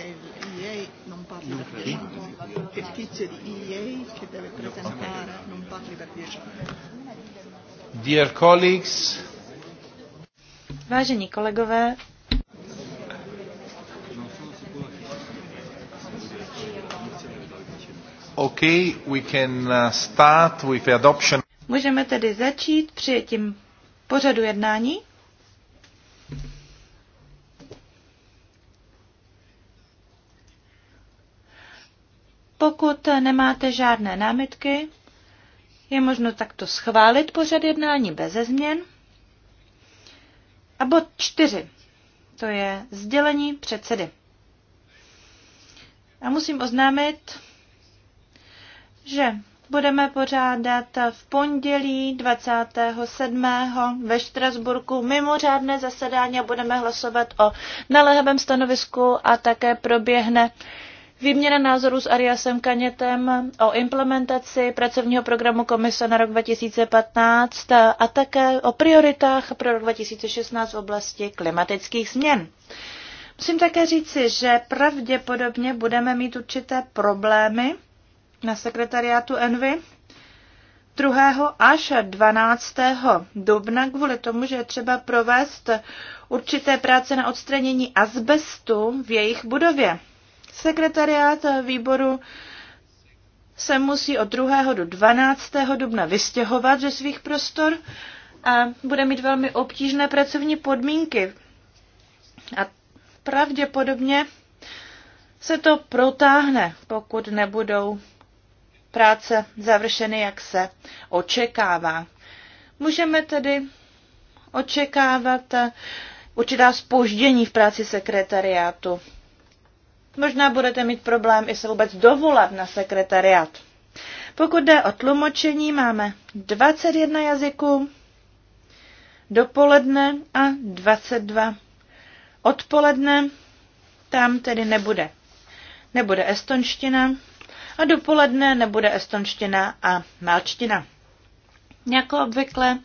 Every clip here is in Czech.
che l'IA e non parli non per 10 minuti, che il tizio di EA che deve presentare non parli per 10 minuti. Dear colleagues, Vážení kolegové, Okay, we can uh, start with adoption. Můžeme tedy začít přijetím pořadu jednání. Pokud nemáte žádné námitky, je možno takto schválit pořad jednání bez změn. A bod čtyři, to je sdělení předsedy. A musím oznámit, že budeme pořádat v pondělí 27. ve Štrasburku mimořádné zasedání a budeme hlasovat o naléhavém stanovisku a také proběhne Výměna názorů s Ariasem Kanětem o implementaci pracovního programu Komise na rok 2015 a také o prioritách pro rok 2016 v oblasti klimatických změn. Musím také říci, že pravděpodobně budeme mít určité problémy na sekretariátu Envy 2. až 12. dubna kvůli tomu, že je třeba provést určité práce na odstranění azbestu v jejich budově. Sekretariát výboru se musí od 2. do 12. dubna vystěhovat ze svých prostor a bude mít velmi obtížné pracovní podmínky. A pravděpodobně se to protáhne, pokud nebudou práce završeny, jak se očekává. Můžeme tedy očekávat eh, určitá spoždění v práci sekretariátu Možná budete mít problém i se vůbec dovolat na sekretariat. Pokud jde o tlumočení, máme 21 jazyků dopoledne a 22 odpoledne. Tam tedy nebude. Nebude estonština a dopoledne nebude estonština a malčtina. Jako obvykle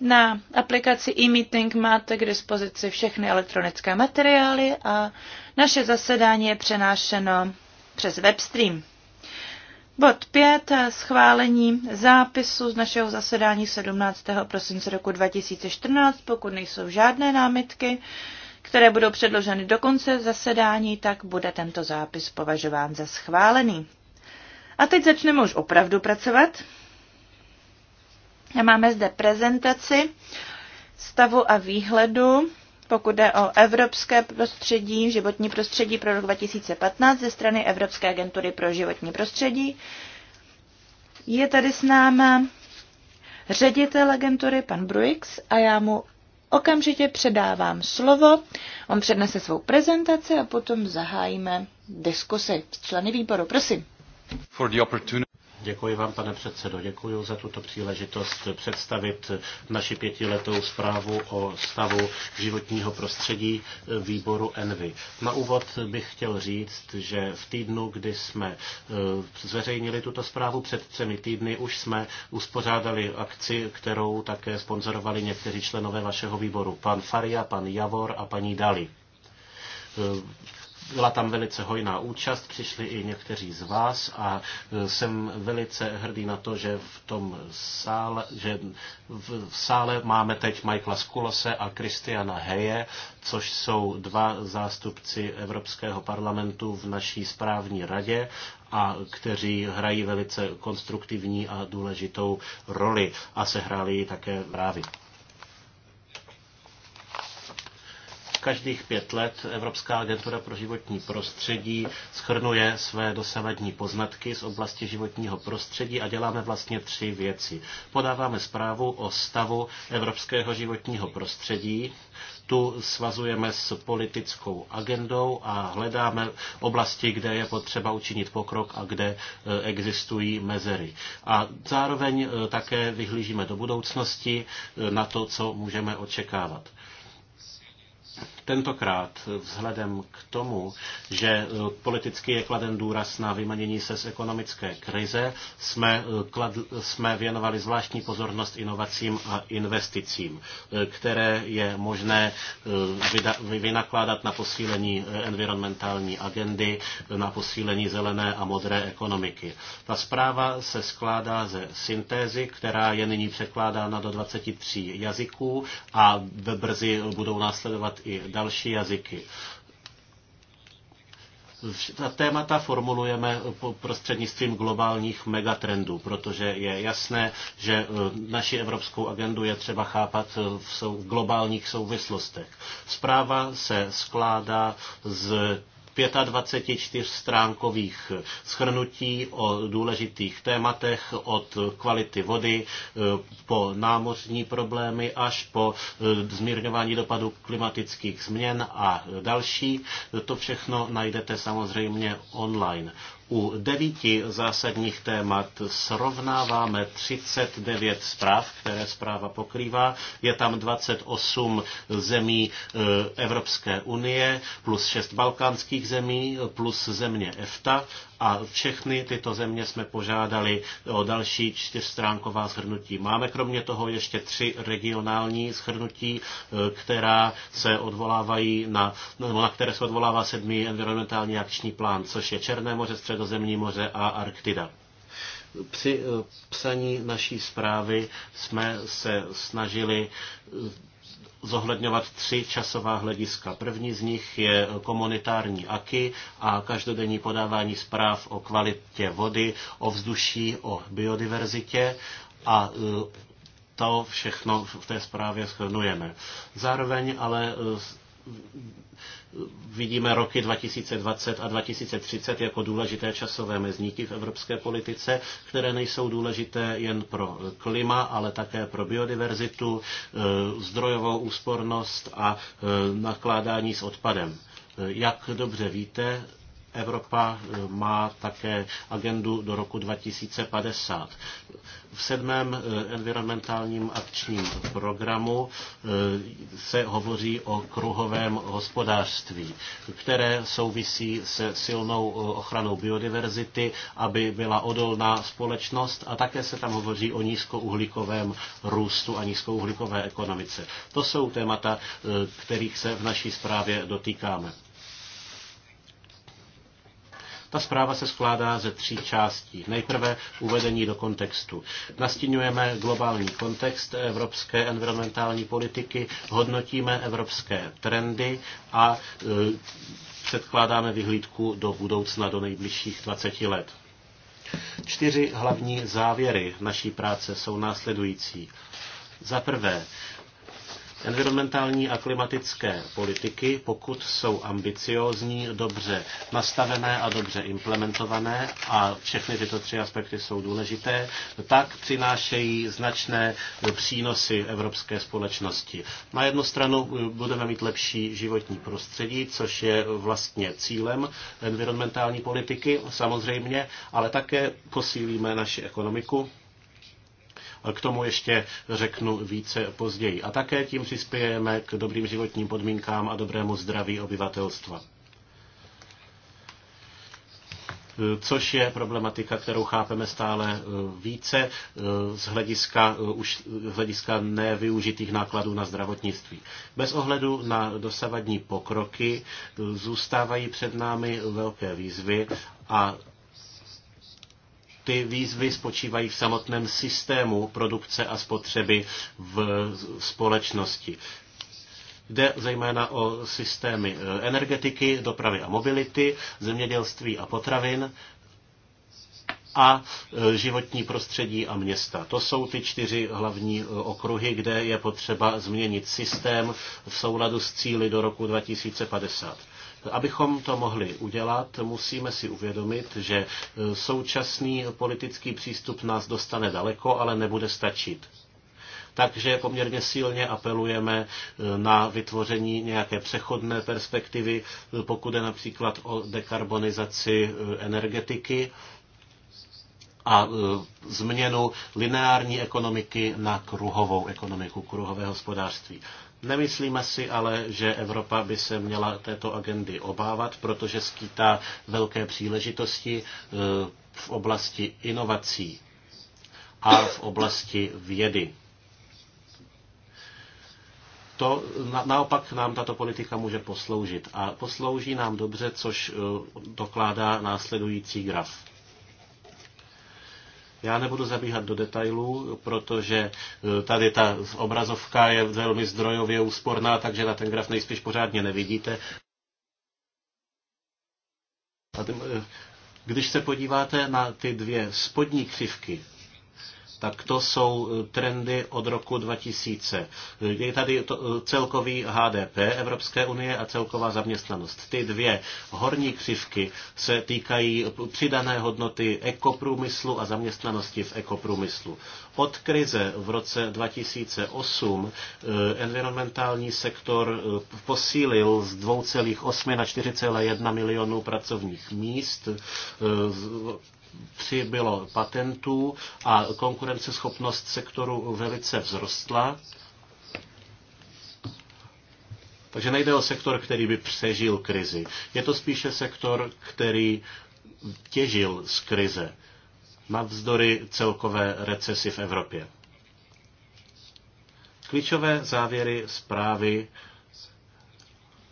na aplikaci e-meeting máte k dispozici všechny elektronické materiály a naše zasedání je přenášeno přes webstream. Bod 5. Schválení zápisu z našeho zasedání 17. prosince roku 2014. Pokud nejsou žádné námitky, které budou předloženy do konce zasedání, tak bude tento zápis považován za schválený. A teď začneme už opravdu pracovat. Máme zde prezentaci stavu a výhledu, pokud jde o evropské prostředí, životní prostředí pro rok 2015 ze strany Evropské agentury pro životní prostředí. Je tady s námi ředitel agentury, pan Bruix, a já mu okamžitě předávám slovo. On přednese svou prezentaci a potom zahájíme diskusy s členy výboru. Prosím. Děkuji vám, pane předsedo. Děkuji za tuto příležitost představit naši pětiletou zprávu o stavu životního prostředí výboru Envy. Na úvod bych chtěl říct, že v týdnu, kdy jsme eh, zveřejnili tuto zprávu před třemi týdny, už jsme uspořádali akci, kterou také sponzorovali někteří členové vašeho výboru. Pan Faria, pan Javor a paní Dali eh, byla tam velice hojná účast, přišli i někteří z vás a e, jsem velice hrdý na to, že v tom sále, že v sále máme teď Michaela Skulose a Kristiana Heje, což jsou dva zástupci Evropského parlamentu v naší správní radě a kteří hrají velice konstruktivní a důležitou roli a sehráli ji také právě. Každých pět let Evropská agentura pro životní prostředí schrnuje své dosavadní poznatky z oblasti životního prostředí a děláme vlastně tři věci. Podáváme zprávu o stavu evropského životního prostředí, tu svazujeme s politickou agendou a hledáme oblasti, kde je potřeba učinit pokrok a kde eh, existují mezery. A zároveň eh, také vyhlížíme do budoucnosti eh, na to, co můžeme očekávat. Tentokrát vzhledem k tomu, že eh, politicky je kladen důraz na vymanění se z ekonomické krize, jsme, eh, klad, jsme věnovali zvláštní pozornost inovacím a investicím, eh, které je možné vynakládat na posílení environmentální agendy, na posílení zelené a modré ekonomiky. Ta zpráva se skládá ze syntézy, která je nyní překládána do 23 jazyků a brzy budou následovat i další jazyky. Ta témata formulujeme prostřednictvím globálních megatrendů, protože je jasné, že e, naši evropskou agendu je třeba chápat e, v globálních souvislostech. Zpráva se skládá z 25 stránkových schrnutí o důležitých tématech od kvality vody eh, po námořní problémy až po eh, zmírňování dopadu klimatických změn a další. To všechno najdete samozřejmě online. U devíti zásadních témat srovnáváme 39 zpráv, které zpráva pokrývá. Je tam 28 zemí e, Evropské unie, plus 6 balkánských zemí, plus země EFTA a všechny tyto země jsme požádali o další čtyřstránková shrnutí. Máme kromě toho ještě tři regionální shrnutí, e, která se odvolávají na, no, na které se odvolává sedmý environmentální akční plán, což je Černé moře, Středozemní moře a Arktida. Při e, psaní naší zprávy jsme se snažili zohledňovat tři časová hlediska. První z nich je komunitární aky a každodenní podávání zpráv o kvalitě vody, o vzduší, o biodiverzitě a e, to všechno v té zprávě shrnujeme. Zároveň ale e, vidíme roky 2020 a 2030 jako důležité časové mezníky v evropské politice, které nejsou důležité jen pro klima, ale také pro biodiverzitu, e, zdrojovou úspornost a e, nakládání s odpadem. E, jak dobře víte, Evropa eh, má také agendu do roku 2050. V sedmém eh, environmentálním akčním programu eh, se hovoří o kruhovém hospodářství, které souvisí se silnou ochranou biodiverzity, aby byla odolná společnost a také se tam hovoří o nízkouhlíkovém růstu a nízkouhlíkové ekonomice. To jsou témata, kterých se v naší zprávě dotýkáme. Ta zpráva se skládá ze tří částí. Nejprve uvedení do kontextu. Nastínujeme globální kontext evropské environmentální politiky, hodnotíme evropské trendy a e, předkládáme vyhlídku do budoucna, do nejbližších 20 let. Čtyři hlavní závěry naší práce jsou následující. Za prvé, Environmentální a klimatické politiky, pokud jsou ambiciózní, dobře nastavené a dobře implementované, a všechny tyto tři aspekty jsou důležité, tak přinášejí značné přínosy evropské společnosti. Na jednu stranu budeme mít lepší životní prostředí, což je vlastně cílem environmentální politiky, samozřejmě, ale také posílíme naši ekonomiku k tomu ještě řeknu více později. A také tím přispějeme k dobrým životním podmínkám a dobrému zdraví obyvatelstva což je problematika, kterou chápeme stále e, více e, z hlediska, e, už, z hlediska nevyužitých nákladů na zdravotnictví. Bez ohledu na dosavadní pokroky zůstávají před námi velké výzvy a ty výzvy spočívají v samotném systému produkce a spotřeby v společnosti. Jde zejména o systémy e, energetiky, dopravy a mobility, zemědělství a potravin a e, životní prostředí a města. To jsou ty čtyři hlavní e, okruhy, kde je potřeba změnit systém v souladu s cíly do roku 2050. Abychom to mohli udělat, musíme si uvědomit, že e, současný politický přístup nás dostane daleko, ale nebude stačit takže poměrně silně apelujeme e, na vytvoření nějaké přechodné perspektivy, e, pokud je například o dekarbonizaci energetiky a změnu lineární ekonomiky na kruhovou ekonomiku, kruhové hospodářství. Nemyslíme si ale, že Evropa by se měla této agendy obávat, protože skýtá velké příležitosti eh, v oblasti inovací a v oblasti vědy. To naopak nám tato politika může posloužit. A poslouží nám dobře, což eh, dokládá následující graf. Já nebudu zabíhat do detailů, protože e, tady ta obrazovka je velmi zdrojově úsporná, takže na ten graf nejspíš pořádně nevidíte. E, když se podíváte na ty dvě spodní křivky, tak to jsou e, trendy od roku 2000. E, je tady to, e, celkový HDP Evropské unie a celková zaměstnanost. Ty dvě horní křivky se týkají přidané hodnoty ekoprůmyslu a zaměstnanosti v ekoprůmyslu. Od krize v roce 2008 environmentální sektor posílil z 2,8 na 4,1 milionů pracovních míst přibylo patentů a konkurenceschopnost sektoru velice vzrostla. Takže nejde o sektor, který by přežil krizi. Je to spíše sektor, který těžil z krize navzdory celkové recesi v Evropě. Klíčové závěry zprávy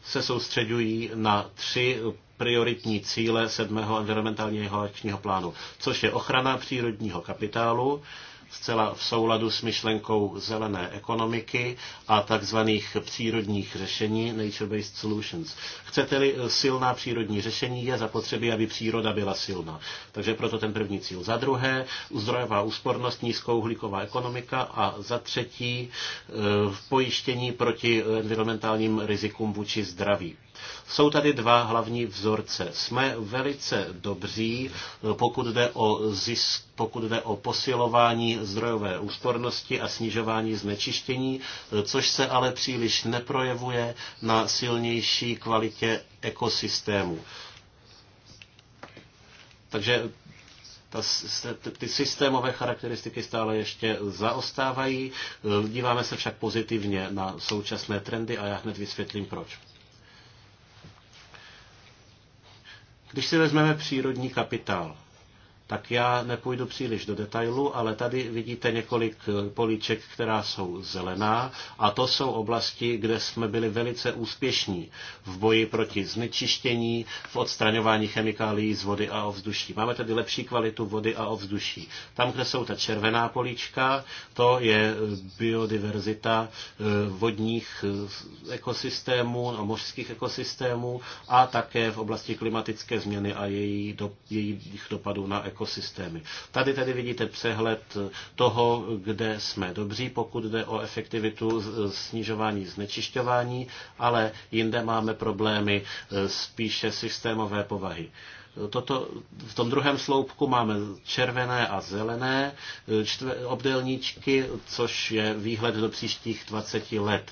se soustředují na tři prioritní cíle sedmého environmentálního akčního plánu, což je ochrana přírodního kapitálu, zcela v souladu s myšlenkou zelené ekonomiky a takzvaných přírodních řešení, nature-based solutions. Chcete-li eh, silná přírodní řešení, je zapotřebí, aby příroda byla silná. Takže proto ten první cíl. Za druhé, zdrojová úspornost, nízkouhlíková ekonomika a za třetí, eh, pojištění proti environmentálním rizikům vůči zdraví. Jsou tady dva hlavní vzorce. Jsme velice dobří, pokud jde o zisk, pokud jde o posilování zdrojové úspornosti a snižování znečištění, což se ale příliš neprojevuje na silnější kvalitě ekosystému. Takže ta, ty systémové charakteristiky stále ještě zaostávají. Díváme se však pozitivně na současné trendy a já hned vysvětlím proč. Když si vezmeme přírodní kapitál, tak já nepůjdu příliš do detailu, ale tady vidíte několik políček, která jsou zelená a to jsou oblasti, kde jsme byli velice úspěšní v boji proti znečištění, v odstraňování chemikálií z vody a ovzduší. Máme tedy lepší kvalitu vody a ovzduší. Tam, kde jsou ta červená políčka, to je biodiverzita eh, vodních eh, ekosystémů, no, mořských ekosystémů a také v oblasti klimatické změny a jejich dopadů na ekosystémy ekosystémy. Tady tedy vidíte přehled toho, kde jsme dobří, pokud jde o efektivitu snižování znečišťování, ale jinde máme problémy e, spíše systémové povahy. Toto, v tom druhém sloupku máme červené a zelené e, čtve, obdelníčky, což je výhled do příštích 20 let.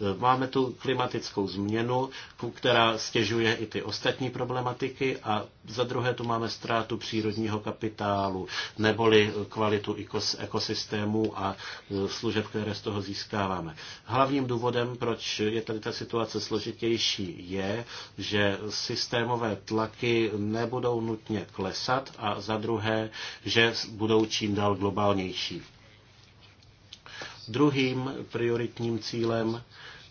Eh, máme tu klimatickou změnu, která stěžuje i ty ostatní problematiky a za druhé tu máme ztrátu přírodního kapitálu, neboli eh, kvalitu ekosystémů a eh, služeb, které z toho získáváme. Hlavním důvodem, proč je tady ta situace složitější, je, že systémové tlaky nebudou nutně klesat a za druhé, že budou čím dál globálnější. Druhým prioritním cílem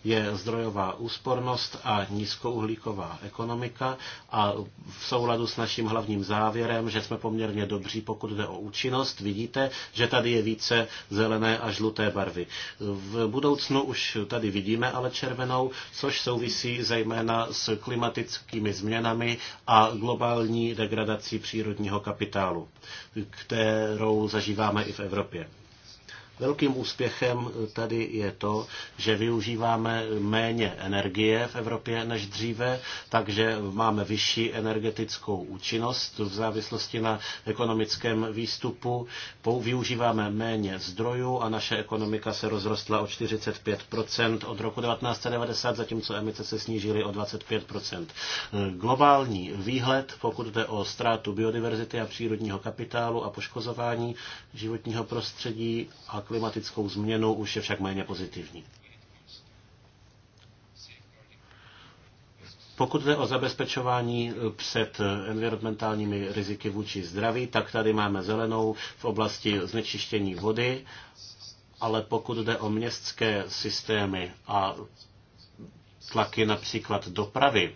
je zdrojová úspornost a nízkouhlíková ekonomika a v souladu s naším hlavním závěrem, že jsme poměrně dobří, pokud jde o účinnost, vidíte, že tady je více zelené a žluté barvy. V budoucnu už tady vidíme ale červenou, což souvisí zejména s klimatickými změnami a globální degradací přírodního kapitálu, kterou zažíváme i v Evropě. Velkým úspěchem tady je to, že využíváme méně energie v Evropě než dříve, takže máme vyšší energetickou účinnost v závislosti na ekonomickém výstupu. Využíváme méně zdrojů a naše ekonomika se rozrostla o 45 od roku 1990, zatímco emice se snížily o 25 Globální výhled, pokud jde o ztrátu biodiverzity a přírodního kapitálu a poškozování životního prostředí a klimatickou změnu už je však méně pozitivní. Pokud jde o zabezpečování před environmentálními riziky vůči zdraví, tak tady máme zelenou v oblasti znečištění vody, ale pokud jde o městské systémy a tlaky například dopravy,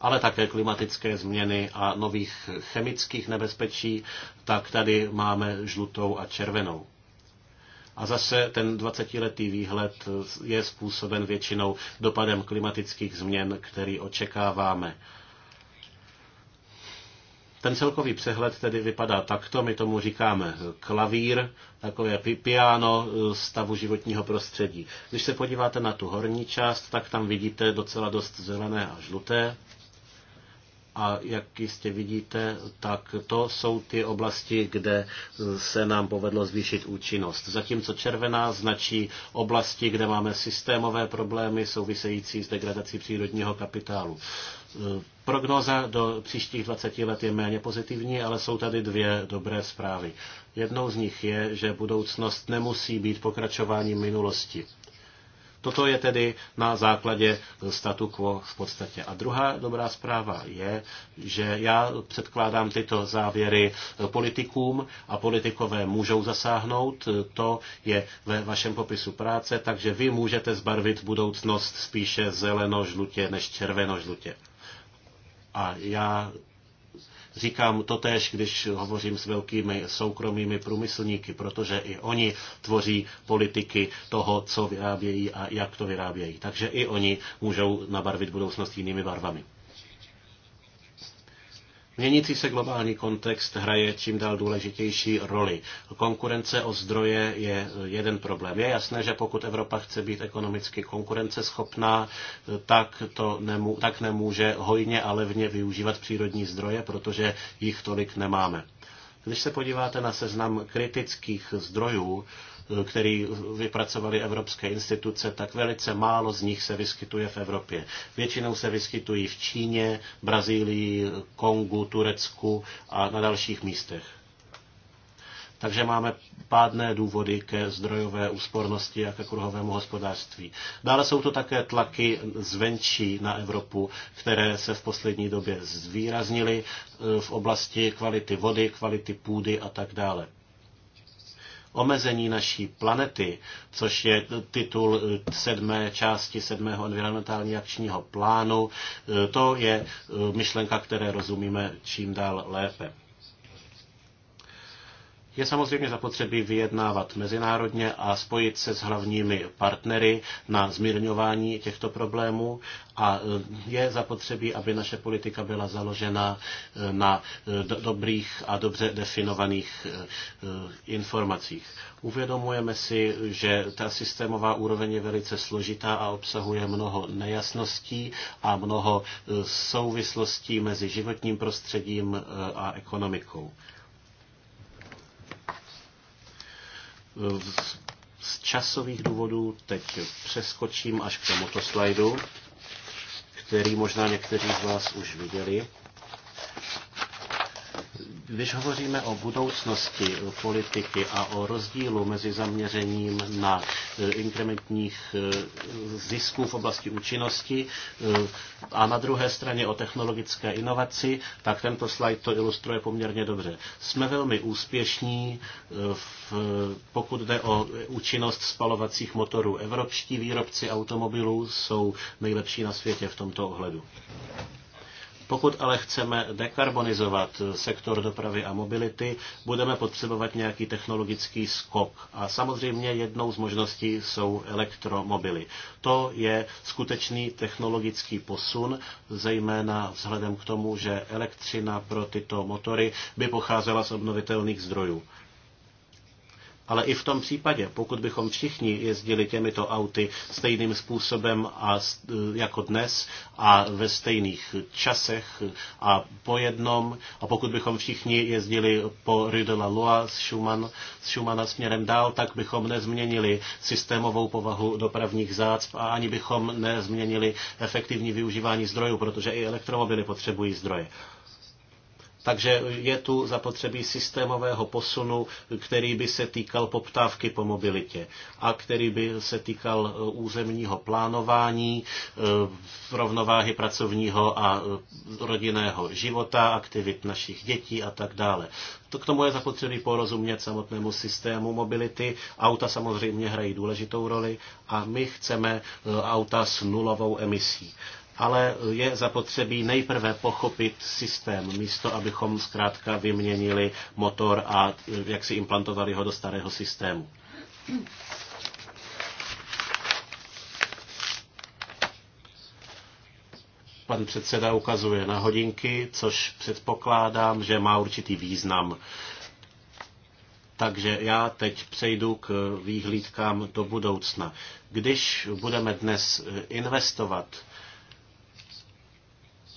ale také klimatické změny a nových chemických nebezpečí, tak tady máme žlutou a červenou. A zase ten 20-letý výhled je způsoben většinou dopadem klimatických změn, který očekáváme. Ten celkový přehled tedy vypadá takto, my tomu říkáme klavír, takové piano stavu životního prostředí. Když se podíváte na tu horní část, tak tam vidíte docela dost zelené a žluté. A jak jistě vidíte, tak to jsou ty oblasti, kde se nám povedlo zvýšit účinnost. Zatímco červená značí oblasti, kde máme systémové problémy související s degradací přírodního kapitálu. Prognoza do příštích 20 let je méně pozitivní, ale jsou tady dvě dobré zprávy. Jednou z nich je, že budoucnost nemusí být pokračováním minulosti. Toto je tedy na základě statu quo v podstatě. A druhá dobrá zpráva je, že já předkládám tyto závěry politikům a politikové můžou zasáhnout. To je ve vašem popisu práce, takže vy můžete zbarvit budoucnost spíše zeleno-žlutě než červeno-žlutě. A já Říkám to tež, když hovořím s velkými soukromými průmyslníky, protože i oni tvoří politiky toho, co vyrábějí a jak to vyrábějí. Takže i oni můžou nabarvit budoucnost jinými barvami. Měnící se globální kontext hraje čím dál důležitější roli. Konkurence o zdroje je jeden problém. Je jasné, že pokud Evropa chce být ekonomicky konkurenceschopná, tak, to nemů- tak nemůže hojně a levně využívat přírodní zdroje, protože jich tolik nemáme. Když se podíváte na seznam kritických zdrojů, který vypracovaly evropské instituce, tak velice málo z nich se vyskytuje v Evropě. Většinou se vyskytují v Číně, Brazílii, Kongu, Turecku a na dalších místech. Takže máme pádné důvody ke zdrojové úspornosti a ke kruhovému hospodářství. Dále jsou to také tlaky zvenčí na Evropu, které se v poslední době zvýraznily e, v oblasti kvality vody, kvality půdy a tak dále omezení naší planety, což je titul sedmé části sedmého environmentální akčního plánu, to je myšlenka, které rozumíme čím dál lépe. Je samozřejmě zapotřebí vyjednávat mezinárodně a spojit se s hlavními partnery na zmírňování těchto problémů a e, je zapotřebí, aby naše politika byla založena e, na e, dobrých a dobře definovaných informacích. Uvědomujeme si, že ta systémová úroveň je velice složitá a obsahuje mnoho nejasností a mnoho souvislostí mezi životním prostředím a ekonomikou. Eh, z časových důvodů teď přeskočím až k tomuto slajdu, který možná někteří z vás už viděli. Když hovoříme o budoucnosti politiky a o rozdílu mezi zaměřením na e, inkrementních e, zisků v oblasti účinnosti e, a na druhé straně o technologické inovaci, tak tento slide to ilustruje poměrně dobře. Jsme velmi úspěšní, v, pokud jde o účinnost spalovacích motorů. Evropští výrobci automobilů jsou nejlepší na světě v tomto ohledu. Pokud ale chceme dekarbonizovat sektor dopravy a mobility, budeme potřebovat nějaký technologický skok. A samozřejmě jednou z možností jsou elektromobily. To je skutečný technologický posun, zejména vzhledem k tomu, že elektřina pro tyto motory by pocházela z obnovitelných zdrojů. Ale i v tom případě, pokud bychom všichni jezdili těmito auty stejným způsobem a, jako dnes a ve stejných časech a po jednom, a pokud bychom všichni jezdili po Rue de la Loi s Schumann, z Schumana směrem dál, tak bychom nezměnili systémovou povahu dopravních zácp a ani bychom nezměnili efektivní využívání zdrojů, protože i elektromobily potřebují zdroje. Takže je tu zapotřebí systémového posunu, který by se týkal poptávky po mobilitě a který by se týkal e, územního plánování, e, rovnováhy pracovního a e, rodinného života, aktivit našich dětí a tak dále. To k tomu je zapotřebí porozumět samotnému systému mobility. Auta samozřejmě hrají důležitou roli a my chceme auta s nulovou emisí ale je zapotřebí nejprve pochopit systém, místo abychom zkrátka vyměnili motor a jak si implantovali ho do starého systému. Pan předseda ukazuje na hodinky, což předpokládám, že má určitý význam. Takže já teď přejdu k výhlídkám do budoucna. Když budeme dnes investovat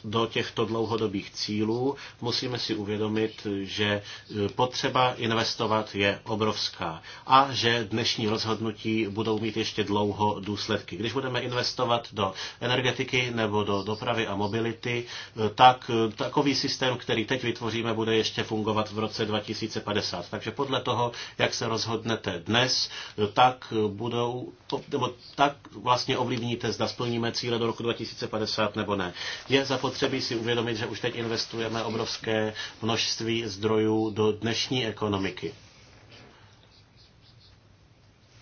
do těchto dlouhodobých cílů, musíme si uvědomit, že e, potřeba investovat je obrovská a že dnešní rozhodnutí budou mít ještě dlouho důsledky. Když budeme investovat do energetiky nebo do dopravy a mobility, e, tak e, takový systém, který teď vytvoříme, bude ještě fungovat v roce 2050. Takže podle toho, jak se rozhodnete dnes, tak budou, nebo tak vlastně ovlivníte, zda splníme cíle do roku 2050 nebo ne. Je zapotřebí zapotřebí si uvědomit, že už teď investujeme obrovské množství zdrojů do dnešní ekonomiky.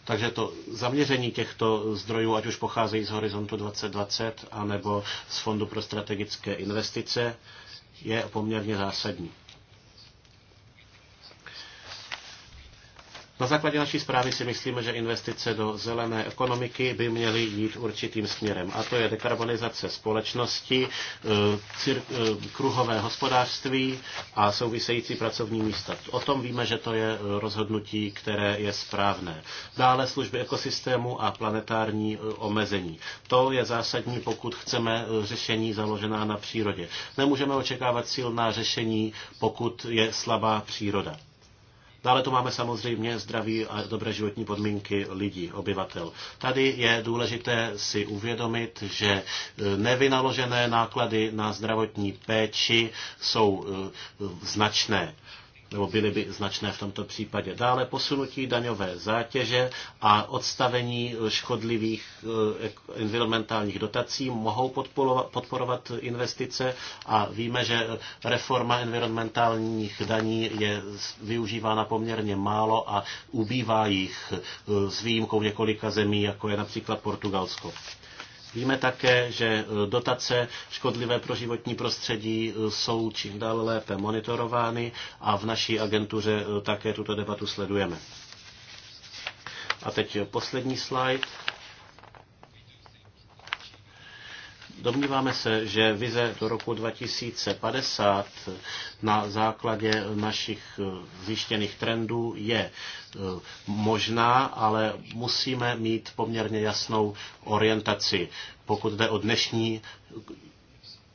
Takže to zaměření těchto zdrojů, ať už pocházejí z Horizontu 2020 anebo z Fondu pro strategické investice, je poměrně zásadní. Na základě naší zprávy si myslíme, že investice do zelené ekonomiky by měly jít určitým směrem, a to je dekarbonizace společnosti, e, e, kruhové hospodářství a související pracovní místa. O tom víme, že to je e, rozhodnutí, které je správné. Dále služby ekosystému a planetární omezení. To je zásadní, pokud chceme řešení založená na přírodě. Nemůžeme očekávat silná řešení, pokud je slabá příroda. Dále no, tu máme samozřejmě zdraví a dobré životní podmínky lidí, obyvatel. Tady je důležité si uvědomit, že e, nevynaložené náklady na zdravotní péči jsou e, značné nebo byly by značné v tomto případě. Dále posunutí daňové zátěže a odstavení škodlivých eh, environmentálních dotací mohou podporovat investice a víme, že reforma environmentálních daní je využívána poměrně málo a ubývá jich eh, s výjimkou několika zemí, jako je například Portugalsko. Víme také, že e, dotace škodlivé pro životní prostředí e, jsou čím dál lépe monitorovány a v naší agentuře e, také tuto debatu sledujeme. A teď poslední slide. Domníváme se, že vize do roku 2050 na základě našich eh, zjištěných trendů je eh, možná, ale musíme mít poměrně jasnou orientaci, pokud jde o dnešní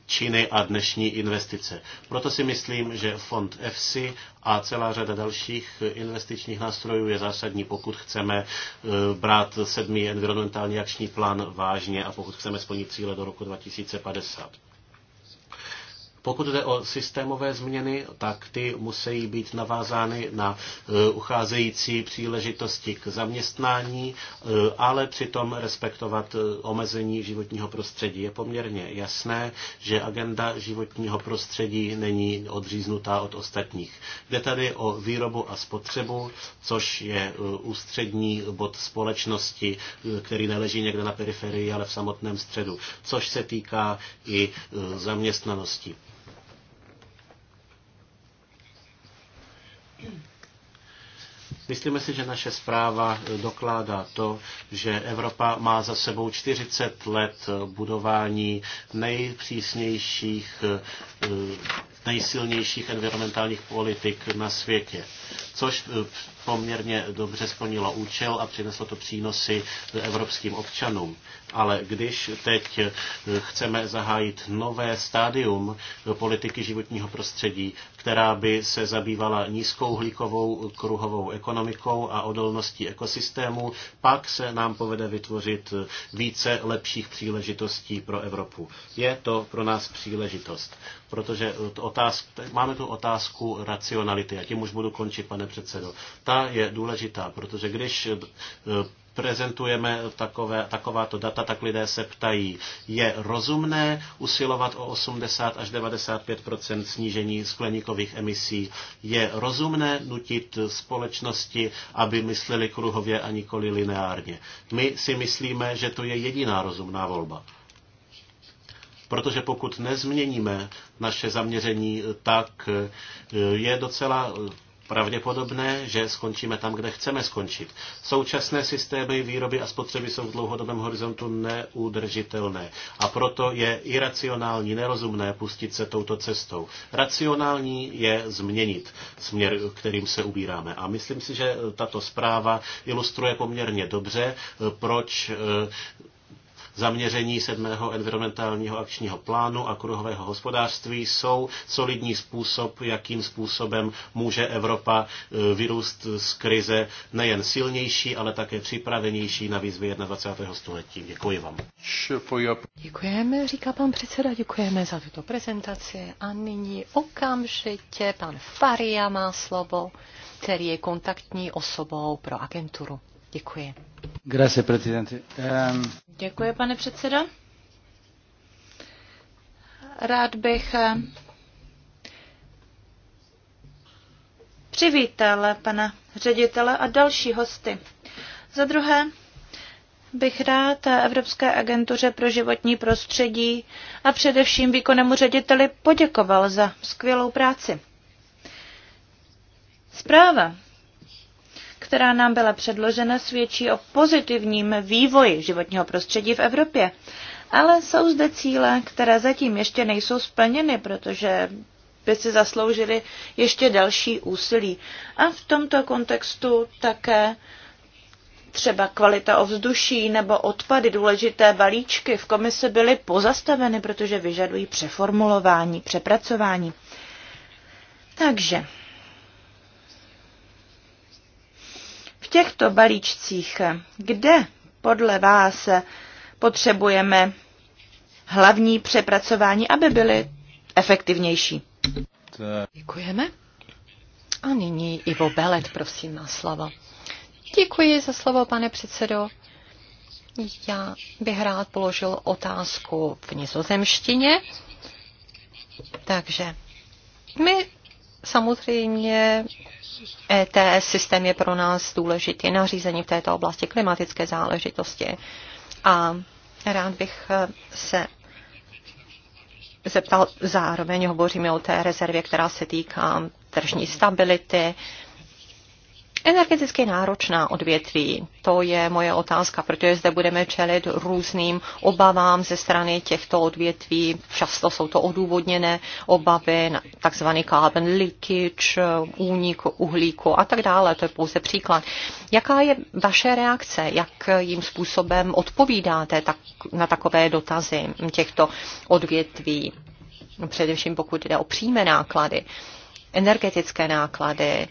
činy a dnešní investice. Proto si myslím, že fond EFSI a celá řada dalších investičních nástrojů je zásadní, pokud chceme e, brát sedmý environmentální akční plán vážně a pokud chceme splnit cíle do roku 2050. Pokud jde o systémové změny, tak ty musí být navázány na e, ucházející příležitosti k zaměstnání, e, ale přitom respektovat e, omezení životního prostředí. Je poměrně jasné, že agenda životního prostředí není odříznutá od ostatních. Jde tady o výrobu a spotřebu, což je ústřední bod společnosti, který neleží někde na periferii, ale v samotném středu, což se týká i zaměstnanosti. Myslíme si, že naše zpráva dokládá to, že Evropa má za sebou 40 let budování nejpřísnějších eh, nejsilnějších environmentálních politik na světě, což eh, poměrně dobře splnilo účel a přineslo to přínosy evropským občanům. Ale když teď eh, chceme zahájit nové stádium eh, politiky životního prostředí, která by se zabývala nízkou hlíkovou kruhovou ekonomikou a odolností ekosystému, pak se nám povede vytvořit více lepších příležitostí pro Evropu. Je to pro nás příležitost protože otázk, máme tu otázku racionality a tím už budu končit, pane předsedo. Ta je důležitá, protože když e, prezentujeme takové, takováto data, tak lidé se ptají, je rozumné usilovat o 80 až 95 snížení skleníkových emisí? Je rozumné nutit společnosti, aby mysleli kruhově a nikoli lineárně? My si myslíme, že to je jediná rozumná volba. Protože pokud nezměníme naše zaměření, tak eh, je docela eh, pravděpodobné, že skončíme tam, kde chceme skončit. Současné systémy výroby a spotřeby jsou v dlouhodobém horizontu neudržitelné a proto je iracionální, nerozumné pustit se touto cestou. Racionální je změnit směr, kterým se ubíráme. A myslím si, že tato zpráva ilustruje poměrně dobře, eh, proč zaměření sedmého environmentálního akčního plánu a kruhového hospodářství jsou solidní způsob, jakým způsobem může Evropa eh, vyrůst z krize nejen silnější, ale také připravenější na výzvy 21. století. Děkuji vám. Děkujeme, říká pan předseda, děkujeme za tuto prezentaci a nyní okamžitě pan Faria má slovo, který je kontaktní osobou pro agenturu. Děkuji. Grazie, presidente. Um... Děkuji, pane předsedo. Rád bych eh, přivítal pana ředitele a další hosty. Za druhé bych rád Evropské agentuře pro životní prostředí a především výkonnému řediteli poděkoval za skvělou práci. Zpráva, která nám byla předložena, svědčí o pozitivním vývoji životního prostředí v Evropě. Ale jsou zde cíle, které zatím ještě nejsou splněny, protože by si zasloužili ještě další úsilí. A v tomto kontextu také třeba kvalita ovzduší nebo odpady, důležité balíčky v komise byly pozastaveny, protože vyžadují přeformulování, přepracování. Takže v těchto balíčcích, kde podle vás potřebujeme hlavní přepracování, aby byly efektivnější? Děkujeme. A nyní Ivo Belet, prosím, na slovo. Děkuji za slovo, pane předsedo. Já bych rád položil otázku v nizozemštině. Takže my Samozřejmě ETS systém je pro nás důležitý nařízení v této oblasti klimatické záležitosti. A rád bych eh, se zeptal, zároveň hovoříme o té rezervě, která se týká tržní stability, Energeticky náročná odvětví, to je moje otázka, protože zde budeme čelit různým obavám ze strany těchto odvětví. Často jsou to odůvodněné obavy, takzvaný carbon leakage, únik uhlíku a tak dále. To je pouze příklad. Jaká je vaše reakce? Jak jim způsobem odpovídáte tak, na takové dotazy těchto odvětví? Především pokud jde o přímé náklady energetické náklady,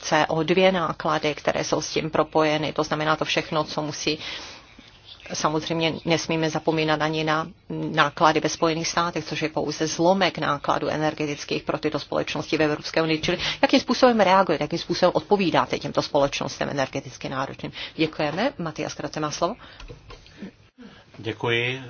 CO2 náklady, které jsou s tím propojeny, to znamená to všechno, co musí Samozřejmě nesmíme zapomínat ani na náklady ve Spojených státech, což je pouze zlomek nákladů energetických pro tyto společnosti v Evropské unii. Čili jakým způsobem reagujete, jakým způsobem odpovídáte těmto společnostem energeticky náročným. Děkujeme. Matias krátce má slovo. Děkuji.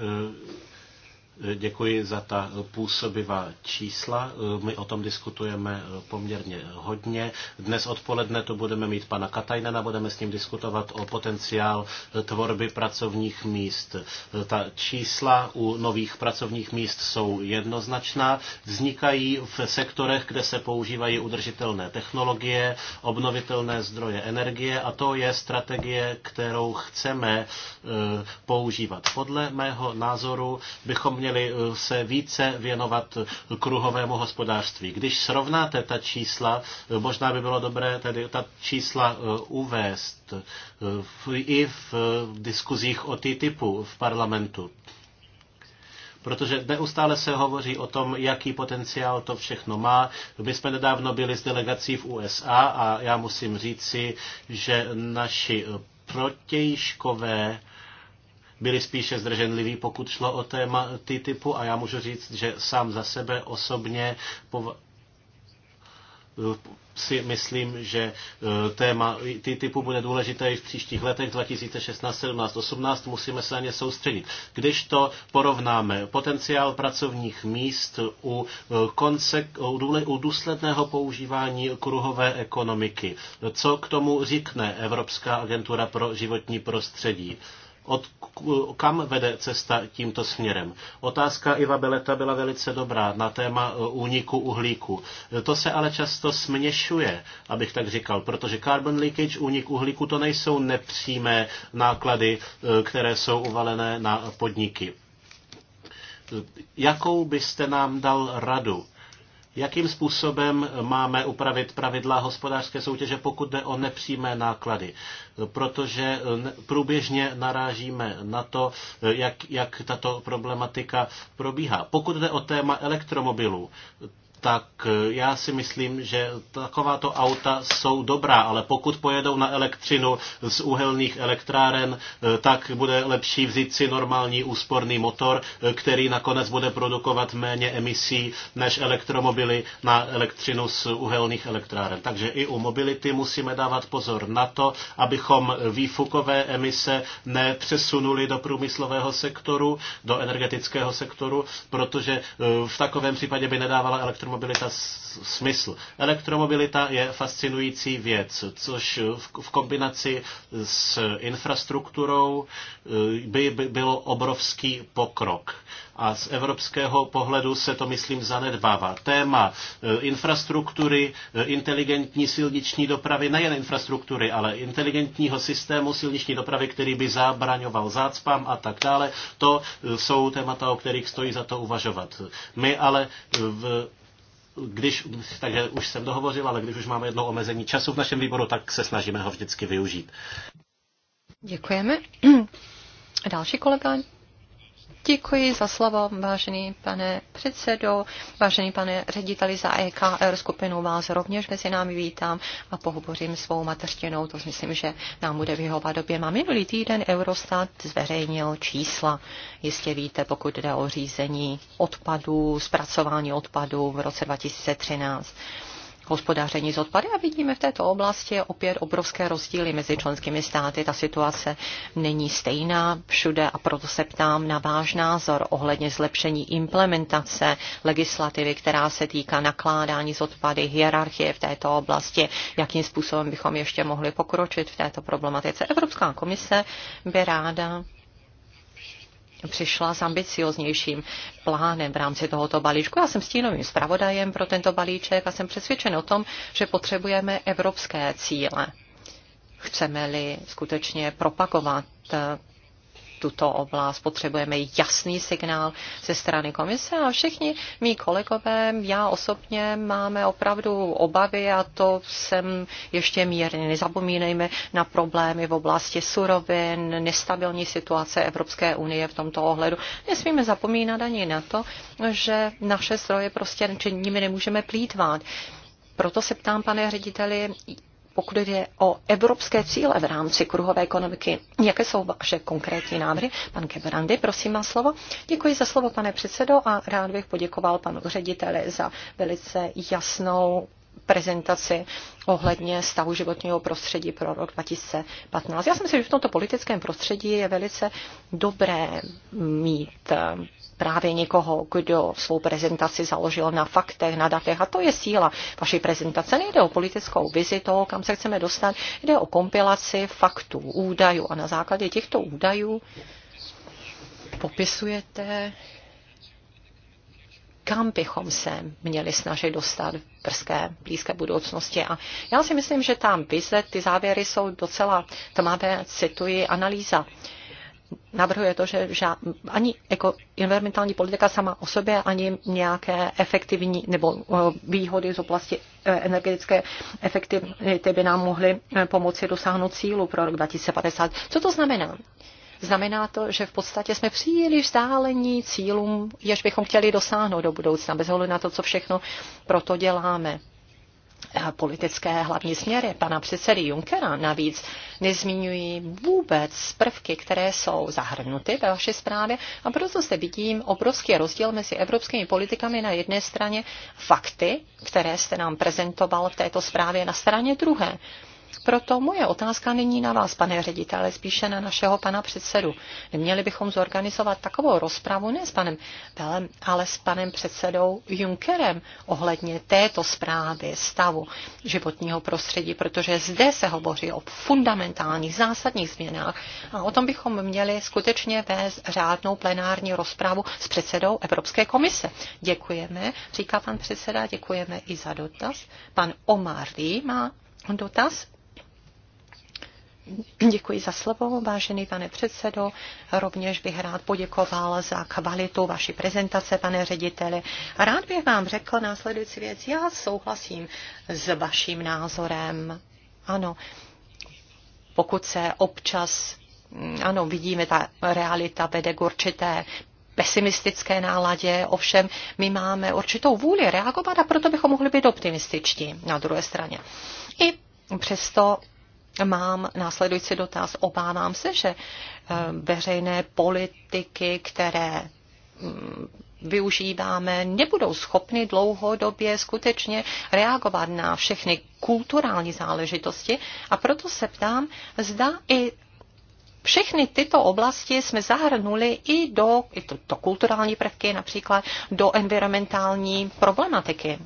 Děkuji za ta působivá čísla. My o tom diskutujeme poměrně hodně. Dnes odpoledne to budeme mít pana Katajnena, budeme s ním diskutovat o potenciál tvorby pracovních míst. Ta čísla u nových pracovních míst jsou jednoznačná. Vznikají v sektorech, kde se používají udržitelné technologie, obnovitelné zdroje energie a to je strategie, kterou chceme eh, používat. Podle mého názoru bychom měli měli eh, se více věnovat kruhovému hospodářství. Když srovnáte ta čísla, eh, možná by bylo dobré tedy ta čísla eh, uvést i v diskuzích o TTIPu v parlamentu protože neustále se hovoří o tom, jaký potenciál to všechno má. My jsme nedávno byli s delegací v USA a já musím říci, že naši protějškové byli spíše zdrženliví, pokud šlo o téma typu, a já můžu říct, že sám za sebe osobně pov si myslím, že e, téma typu bude důležité i v příštích letech 2016, 17, 18. Musíme se na ně soustředit. Když to porovnáme, potenciál pracovních míst u, e, konce, u důsledného používání kruhové ekonomiky. Co k tomu říkne Evropská agentura pro životní prostředí? od, kam vede cesta tímto směrem. Otázka Iva Beleta byla velice dobrá na téma e, úniku uhlíku. E, to se ale často směšuje, abych tak říkal, protože carbon leakage, únik uhlíku, to nejsou nepřímé náklady, e, které jsou uvalené na podniky. Jakou byste nám dal radu? Jakým způsobem máme upravit pravidla hospodářské soutěže, pokud jde o nepřímé náklady? Protože eh, průběžně narážíme na to, eh, jak, jak tato problematika probíhá. Pokud jde o téma elektromobilů, tak eh, já si myslím, že takováto auta jsou dobrá, ale pokud pojedou na elektřinu z uhelných elektráren, eh, tak bude lepší vzít si normální úsporný motor, eh, který nakonec bude produkovat méně emisí než elektromobily na elektřinu z uhelných elektráren. Takže i u mobility musíme dávat pozor na to, abychom výfukové emise nepřesunuli do průmyslového sektoru, do energetického sektoru, protože v takovém případě by nedávala elektromobilita elektromobilita smysl. Elektromobilita je fascinující věc, což v kombinaci s infrastrukturou eh, by, bylo obrovský pokrok. A z evropského pohledu se to, myslím, zanedbává. Téma eh, infrastruktury, eh, inteligentní silniční dopravy, nejen infrastruktury, ale inteligentního systému silniční dopravy, který by zabraňoval zácpám a tak dále, to jsou témata, o kterých stojí za to uvažovat. My ale v když, takže už jsem dohovořil, ale když už máme jedno omezení času v našem výboru, tak se snažíme ho vždycky využít. Děkujeme. Další kolega Děkuji za slovo, vážený pane předsedo, vážený pane řediteli za EKR skupinu vás rovněž mezi námi vítám a pohovořím svou mateřštinou, to myslím, že nám bude vyhovat Má Minulý týden Eurostat zveřejnil čísla. Jistě víte, pokud jde o řízení odpadů, zpracování odpadů v roce 2013 hospodaření s odpady a vidíme v této oblasti opět obrovské rozdíly mezi členskými státy. Ta situace není stejná všude a proto se ptám na váš názor ohledně zlepšení implementace legislativy, která se týká nakládání s odpady, hierarchie v této oblasti, jakým způsobem bychom ještě mohli pokročit v této problematice. Evropská komise by ráda přišla s ambicioznějším plánem v rámci tohoto balíčku. Já jsem stínovým zpravodajem pro tento balíček a jsem přesvědčen o tom, že potřebujeme evropské cíle. Chceme-li skutečně propagovat tuto oblast, potřebujeme jasný signál ze strany komise a všichni mý kolegové, já osobně máme opravdu obavy a to jsem ještě mírně. Nezapomínejme na problémy v oblasti surovin, nestabilní situace Evropské unie v tomto ohledu. Nesmíme zapomínat ani na to, že naše stroje prostě nimi nemůžeme plítvat. Proto se ptám, pane řediteli, pokud jde o evropské cíle v rámci kruhové ekonomiky, jaké jsou vaše konkrétní návrhy? Pan Kebrandy, prosím má slovo. Děkuji za slovo, pane předsedo, a rád bych poděkoval panu řediteli za velice jasnou prezentaci ohledně stavu životního prostředí pro rok 2015. Já si myslím, že v tomto politickém prostředí je velice dobré mít právě někoho, kdo svou prezentaci založil na faktech, na datech. A to je síla vaší prezentace. Nejde o politickou vizi toho, kam se chceme dostat, jde o kompilaci faktů, údajů. A na základě těchto údajů popisujete, kam bychom se měli snažit dostat v brzké, blízké budoucnosti. A já si myslím, že tam vize, ty závěry jsou docela tmavé, cituji, analýza navrhuje to, že ani jako environmentální politika sama o sobě, ani nějaké efektivní nebo eh, výhody z oblasti eh, energetické efektivity by nám mohly eh, pomoci dosáhnout cílu pro rok 2050. Co to znamená? Znamená to, že v podstatě jsme příliš vzdálení cílům, jež bychom chtěli dosáhnout do budoucna, bez ohledu na to, co všechno proto děláme. Eh, politické hlavní směry pana předsedy Junckera navíc nezmiňují vůbec prvky, které jsou zahrnuty ve vaší zprávě a proto se vidím obrovský rozdíl mezi evropskými politikami na jedné straně fakty, které jste nám prezentoval v této zprávě na straně druhé. Proto moje otázka není na vás, pane ředitele, spíše na našeho pana předsedu. Neměli bychom zorganizovat takovou rozpravu ne s panem Belem, ale s panem předsedou Junkerem ohledně této zprávy stavu životního prostředí, protože zde se hovoří o fundamentálních, zásadních změnách a o tom bychom měli skutečně vést řádnou plenární rozpravu s předsedou Evropské komise. Děkujeme, říká pan předseda, děkujeme i za dotaz. Pan Omarý má dotaz. Děkuji za slovo, vážený pane předsedo. Rovněž bych rád poděkoval za kvalitu vaší prezentace, pane řediteli. Rád bych vám řekl následující věc. Já souhlasím s vaším názorem. Ano, pokud se občas, ano, vidíme, ta realita vede k určité pesimistické náladě, ovšem my máme určitou vůli reagovat a proto bychom mohli být optimističtí na druhé straně. I přesto Mám následující dotaz. Obávám se, že eh, veřejné politiky, které mm, využíváme, nebudou schopny dlouhodobě skutečně reagovat na všechny kulturální záležitosti. A proto se ptám, zda i všechny tyto oblasti jsme zahrnuli i do, i to, to kulturální prvky, například do environmentální problematiky,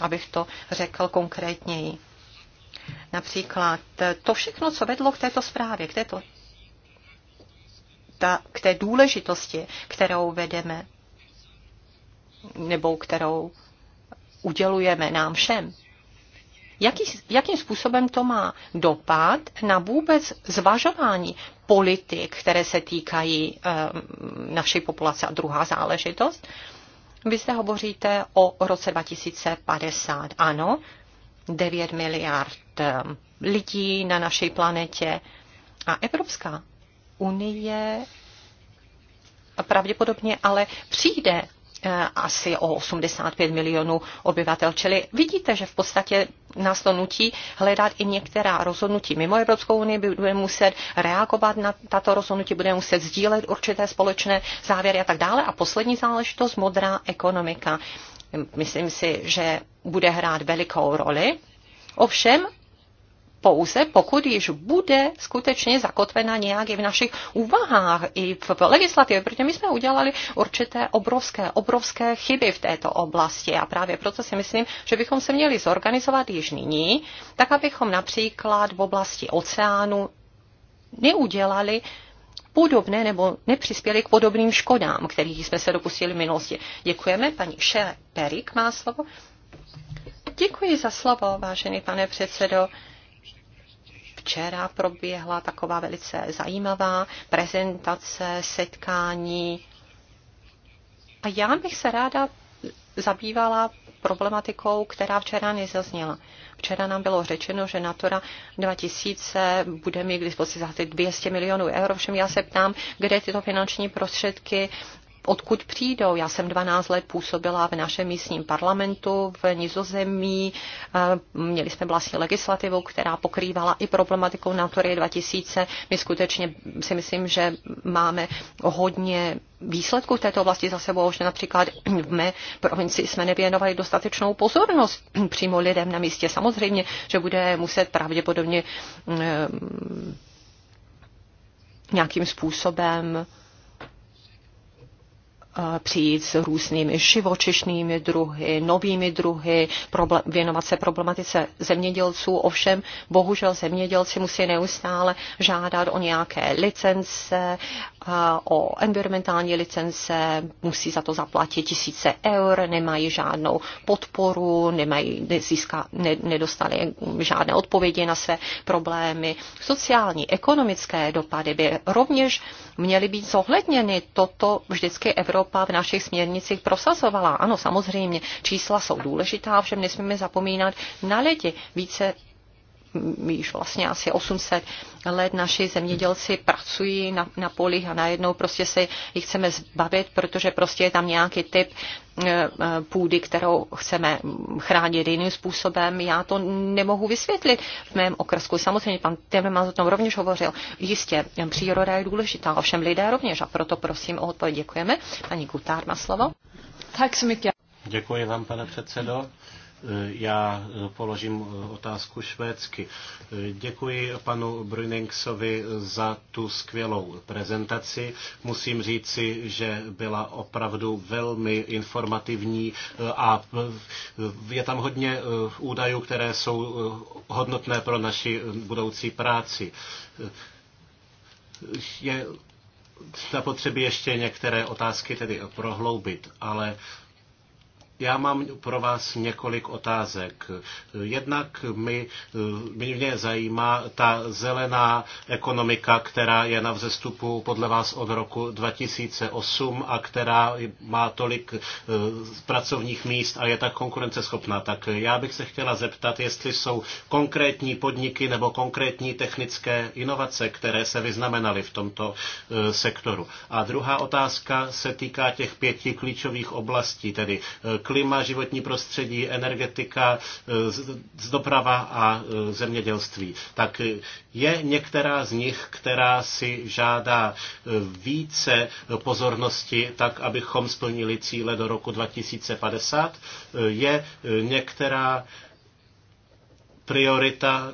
abych to řekl konkrétněji. Například eh, to všechno, co vedlo k této zprávě, k této ta, k té důležitosti, kterou vedeme, nebo kterou udělujeme nám všem. Jaký, jakým způsobem to má dopad na vůbec zvažování politik, které se týkají um, naší populace? A druhá záležitost, vy zde hovoříte o roce 2050. Ano, 9 miliard eh, lidí na naší planetě. A Evropská unie pravděpodobně ale přijde eh, asi o 85 milionů obyvatel. Čili vidíte, že v podstatě nás to nutí hledat i některá rozhodnutí mimo Evropskou unii, budeme muset reagovat na tato rozhodnutí, budeme muset sdílet určité společné závěry a tak dále. A poslední záležitost, modrá ekonomika. Myslím si, že bude hrát velikou roli. Ovšem, pouze pokud již bude skutečně zakotvena nějak i v našich úvahách, i v legislativě, protože my jsme udělali určité obrovské, obrovské chyby v této oblasti a právě proto si myslím, že bychom se měli zorganizovat již nyní, tak abychom například v oblasti oceánu neudělali uh, podobné nebo nepřispěly k podobným škodám, kterých jsme se dopustili v minulosti. Děkujeme. Paní Šere Perik má slovo. Děkuji za slovo, vážený pane předsedo. Včera proběhla taková velice zajímavá prezentace, setkání. A já bych se ráda zabývala problematikou, která včera nezazněla. Včera nám bylo řečeno, že Natura 2000 bude mít k dispozici za ty 200 milionů eur. Všem já se ptám, kde tyto finanční prostředky odkud přijdou. Já jsem 12 let působila v našem místním parlamentu v Nizozemí. Eh, měli jsme vlastní legislativu, která pokrývala i problematikou Natury 2000. My skutečně si myslím, že máme hodně výsledků této oblasti za sebou, že například v mé provincii jsme nevěnovali dostatečnou pozornost přímo lidem na místě. Samozřejmě, že bude muset pravděpodobně eh, nějakým způsobem přijít s různými živočišnými druhy, novými druhy, věnovat se problematice zemědělců. Ovšem, bohužel zemědělci musí neustále žádat o nějaké licence, o environmentální licence, musí za to zaplatit tisíce eur, nemají žádnou podporu, nemají, nezíska, ne, nedostali žádné odpovědi na své problémy. Sociální, ekonomické dopady by rovněž měly být zohledněny. Toto vždycky Evropa v našich směrnicích prosazovala. Ano, samozřejmě, čísla jsou důležitá, všem nesmíme zapomínat na lidi. Více již vlastně asi 800 let naši zemědělci pracují na, na polích a najednou prostě se jich chceme zbavit, protože prostě je tam nějaký typ eh, eh, půdy, kterou chceme chránit jiným způsobem. Já to nemohu vysvětlit v mém okrsku. Samozřejmě pan Timmermans o tom rovněž hovořil. Jistě, příroda je důležitá, ovšem lidé rovněž a proto prosím o odpověď. Děkujeme. Paní Gutár má slovo. Tak Děkuji vám, pane předsedo. Eh, já eh, položím eh, otázku švédsky. Děkuji panu Bruningsovi za tu skvělou prezentaci. Musím říci, že byla opravdu velmi informativní a je tam hodně údajů, které jsou hodnotné pro naši budoucí práci. Je zapotřebí ještě některé otázky tedy prohloubit, ale já mám pro vás několik otázek. Jednak mi, eh, mě zajímá ta zelená ekonomika, která je na vzestupu podle vás od roku 2008 a která má tolik eh, pracovních míst a je tak konkurenceschopná. Tak já bych se chtěla zeptat, jestli jsou konkrétní podniky nebo konkrétní technické inovace, které se vyznamenaly v tomto eh, sektoru. A druhá otázka se týká těch pěti klíčových oblastí, tedy klima, životní prostředí, energetika, e, doprava a e, zemědělství. Tak je některá z nich, která si žádá e, více pozornosti, tak abychom splnili cíle do roku 2050? Je některá priorita,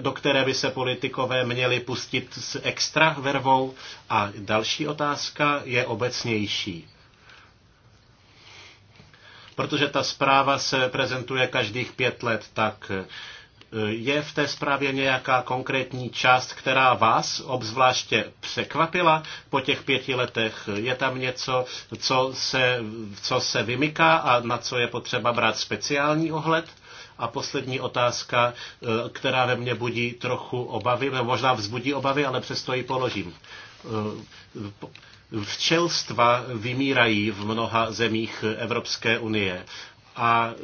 do které by se politikové měli pustit s extra vervou? A další otázka je obecnější protože ta zpráva se prezentuje každých pět let, tak e, je v té zprávě nějaká konkrétní část, která vás obzvláště překvapila po těch pěti letech? Je tam něco, co se, co se vymyká a na co je potřeba brát speciální ohled? A poslední otázka, e, která ve mně budí trochu obavy, nebo možná vzbudí obavy, ale přesto ji položím e, Včelstva vymírají v mnoha zemích Evropské unie. A e,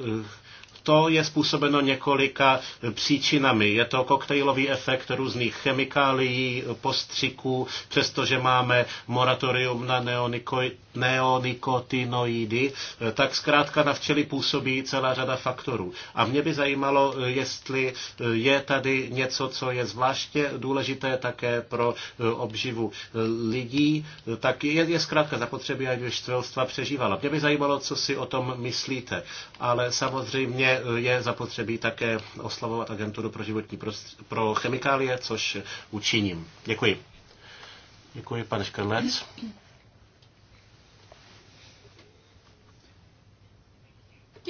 to je způsobeno několika příčinami. Je to koktejlový efekt různých chemikálií, postřiků, přestože máme moratorium na neonikotinoidy neonikotinoidy, tak zkrátka na včely působí celá řada faktorů. A mě by zajímalo, jestli je tady něco, co je zvláště důležité také pro e, obživu e, lidí, tak je, je zkrátka zapotřebí, aby už střelstva přežívala. Mě by zajímalo, co si o tom myslíte, ale samozřejmě e, je zapotřebí také oslavovat agenturu pro životní prostředí, pro chemikálie, což učiním. Děkuji. Děkuji, pane Škrlec.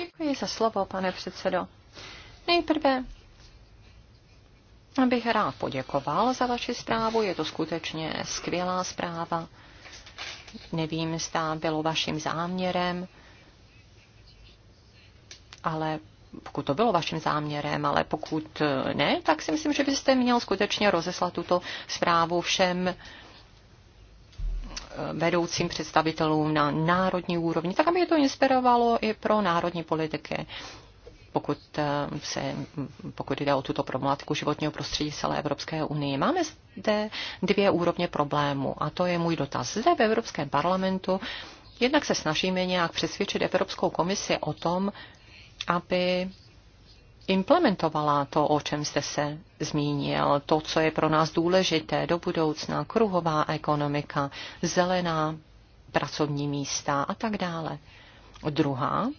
Děkuji za slovo, pane předsedo. Nejprve bych rád poděkoval za vaši zprávu. Je to skutečně skvělá zpráva. Nevím, zda bylo vaším záměrem, ale pokud to bylo vaším záměrem, ale pokud ne, tak si myslím, že byste měl skutečně rozeslat tuto zprávu všem vedoucím představitelům na národní úrovni, tak aby je to inspirovalo i pro národní politiky pokud, eh, se, pokud jde o tuto problematiku životního prostředí celé Evropské unie. Máme zde dvě úrovně problému a to je můj dotaz. Zde v Evropském parlamentu jednak se snažíme nějak přesvědčit Evropskou komisi o tom, aby implementovala to, o čem jste se zmínil, to, co je pro nás důležité do budoucna, kruhová ekonomika, zelená pracovní místa a tak dále. Druhá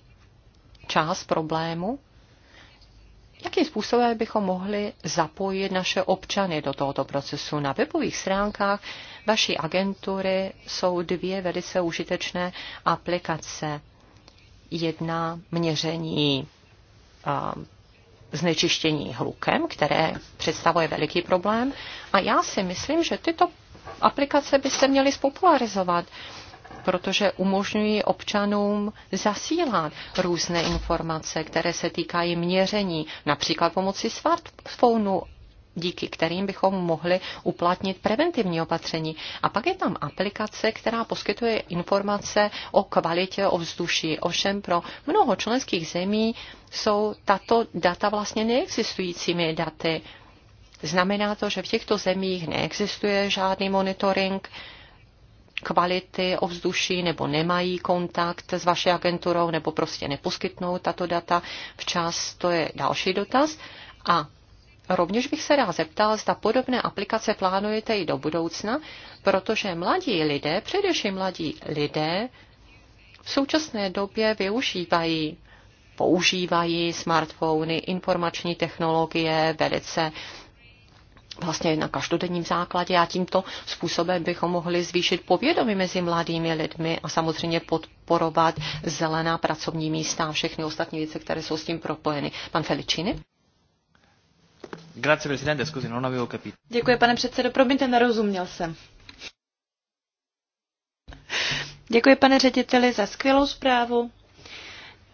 část problému, jakým způsobem bychom mohli zapojit naše občany do tohoto procesu. Na webových stránkách vaší agentury jsou dvě velice užitečné aplikace. Jedna měření znečištění hlukem, které představuje veliký problém. A já si myslím, že tyto aplikace by se měly spopularizovat, protože umožňují občanům zasílat různé informace, které se týkají měření, například pomocí smartphonu díky kterým bychom mohli uplatnit preventivní opatření. A pak je tam aplikace, která poskytuje informace o kvalitě ovzduší. Ovšem pro mnoho členských zemí jsou tato data vlastně neexistujícími daty. Znamená to, že v těchto zemích neexistuje žádný monitoring kvality ovzduší nebo nemají kontakt s vaší agenturou nebo prostě neposkytnou tato data včas, to je další dotaz. A Rovněž bych se rád zeptal, zda podobné aplikace plánujete i do budoucna, protože mladí lidé, především mladí lidé, v současné době využívají, používají smartfony, informační technologie velice vlastně na každodenním základě a tímto způsobem bychom mohli zvýšit povědomí mezi mladými lidmi a samozřejmě podporovat zelená pracovní místa a všechny ostatní věci, které jsou s tím propojeny. Pan Feličiny? Grazie Presidente, scusi, non avevo capito. Děkuji, pane předsedo, promiňte, nerozuměl jsem. Děkuji, pane řediteli, za skvělou zprávu,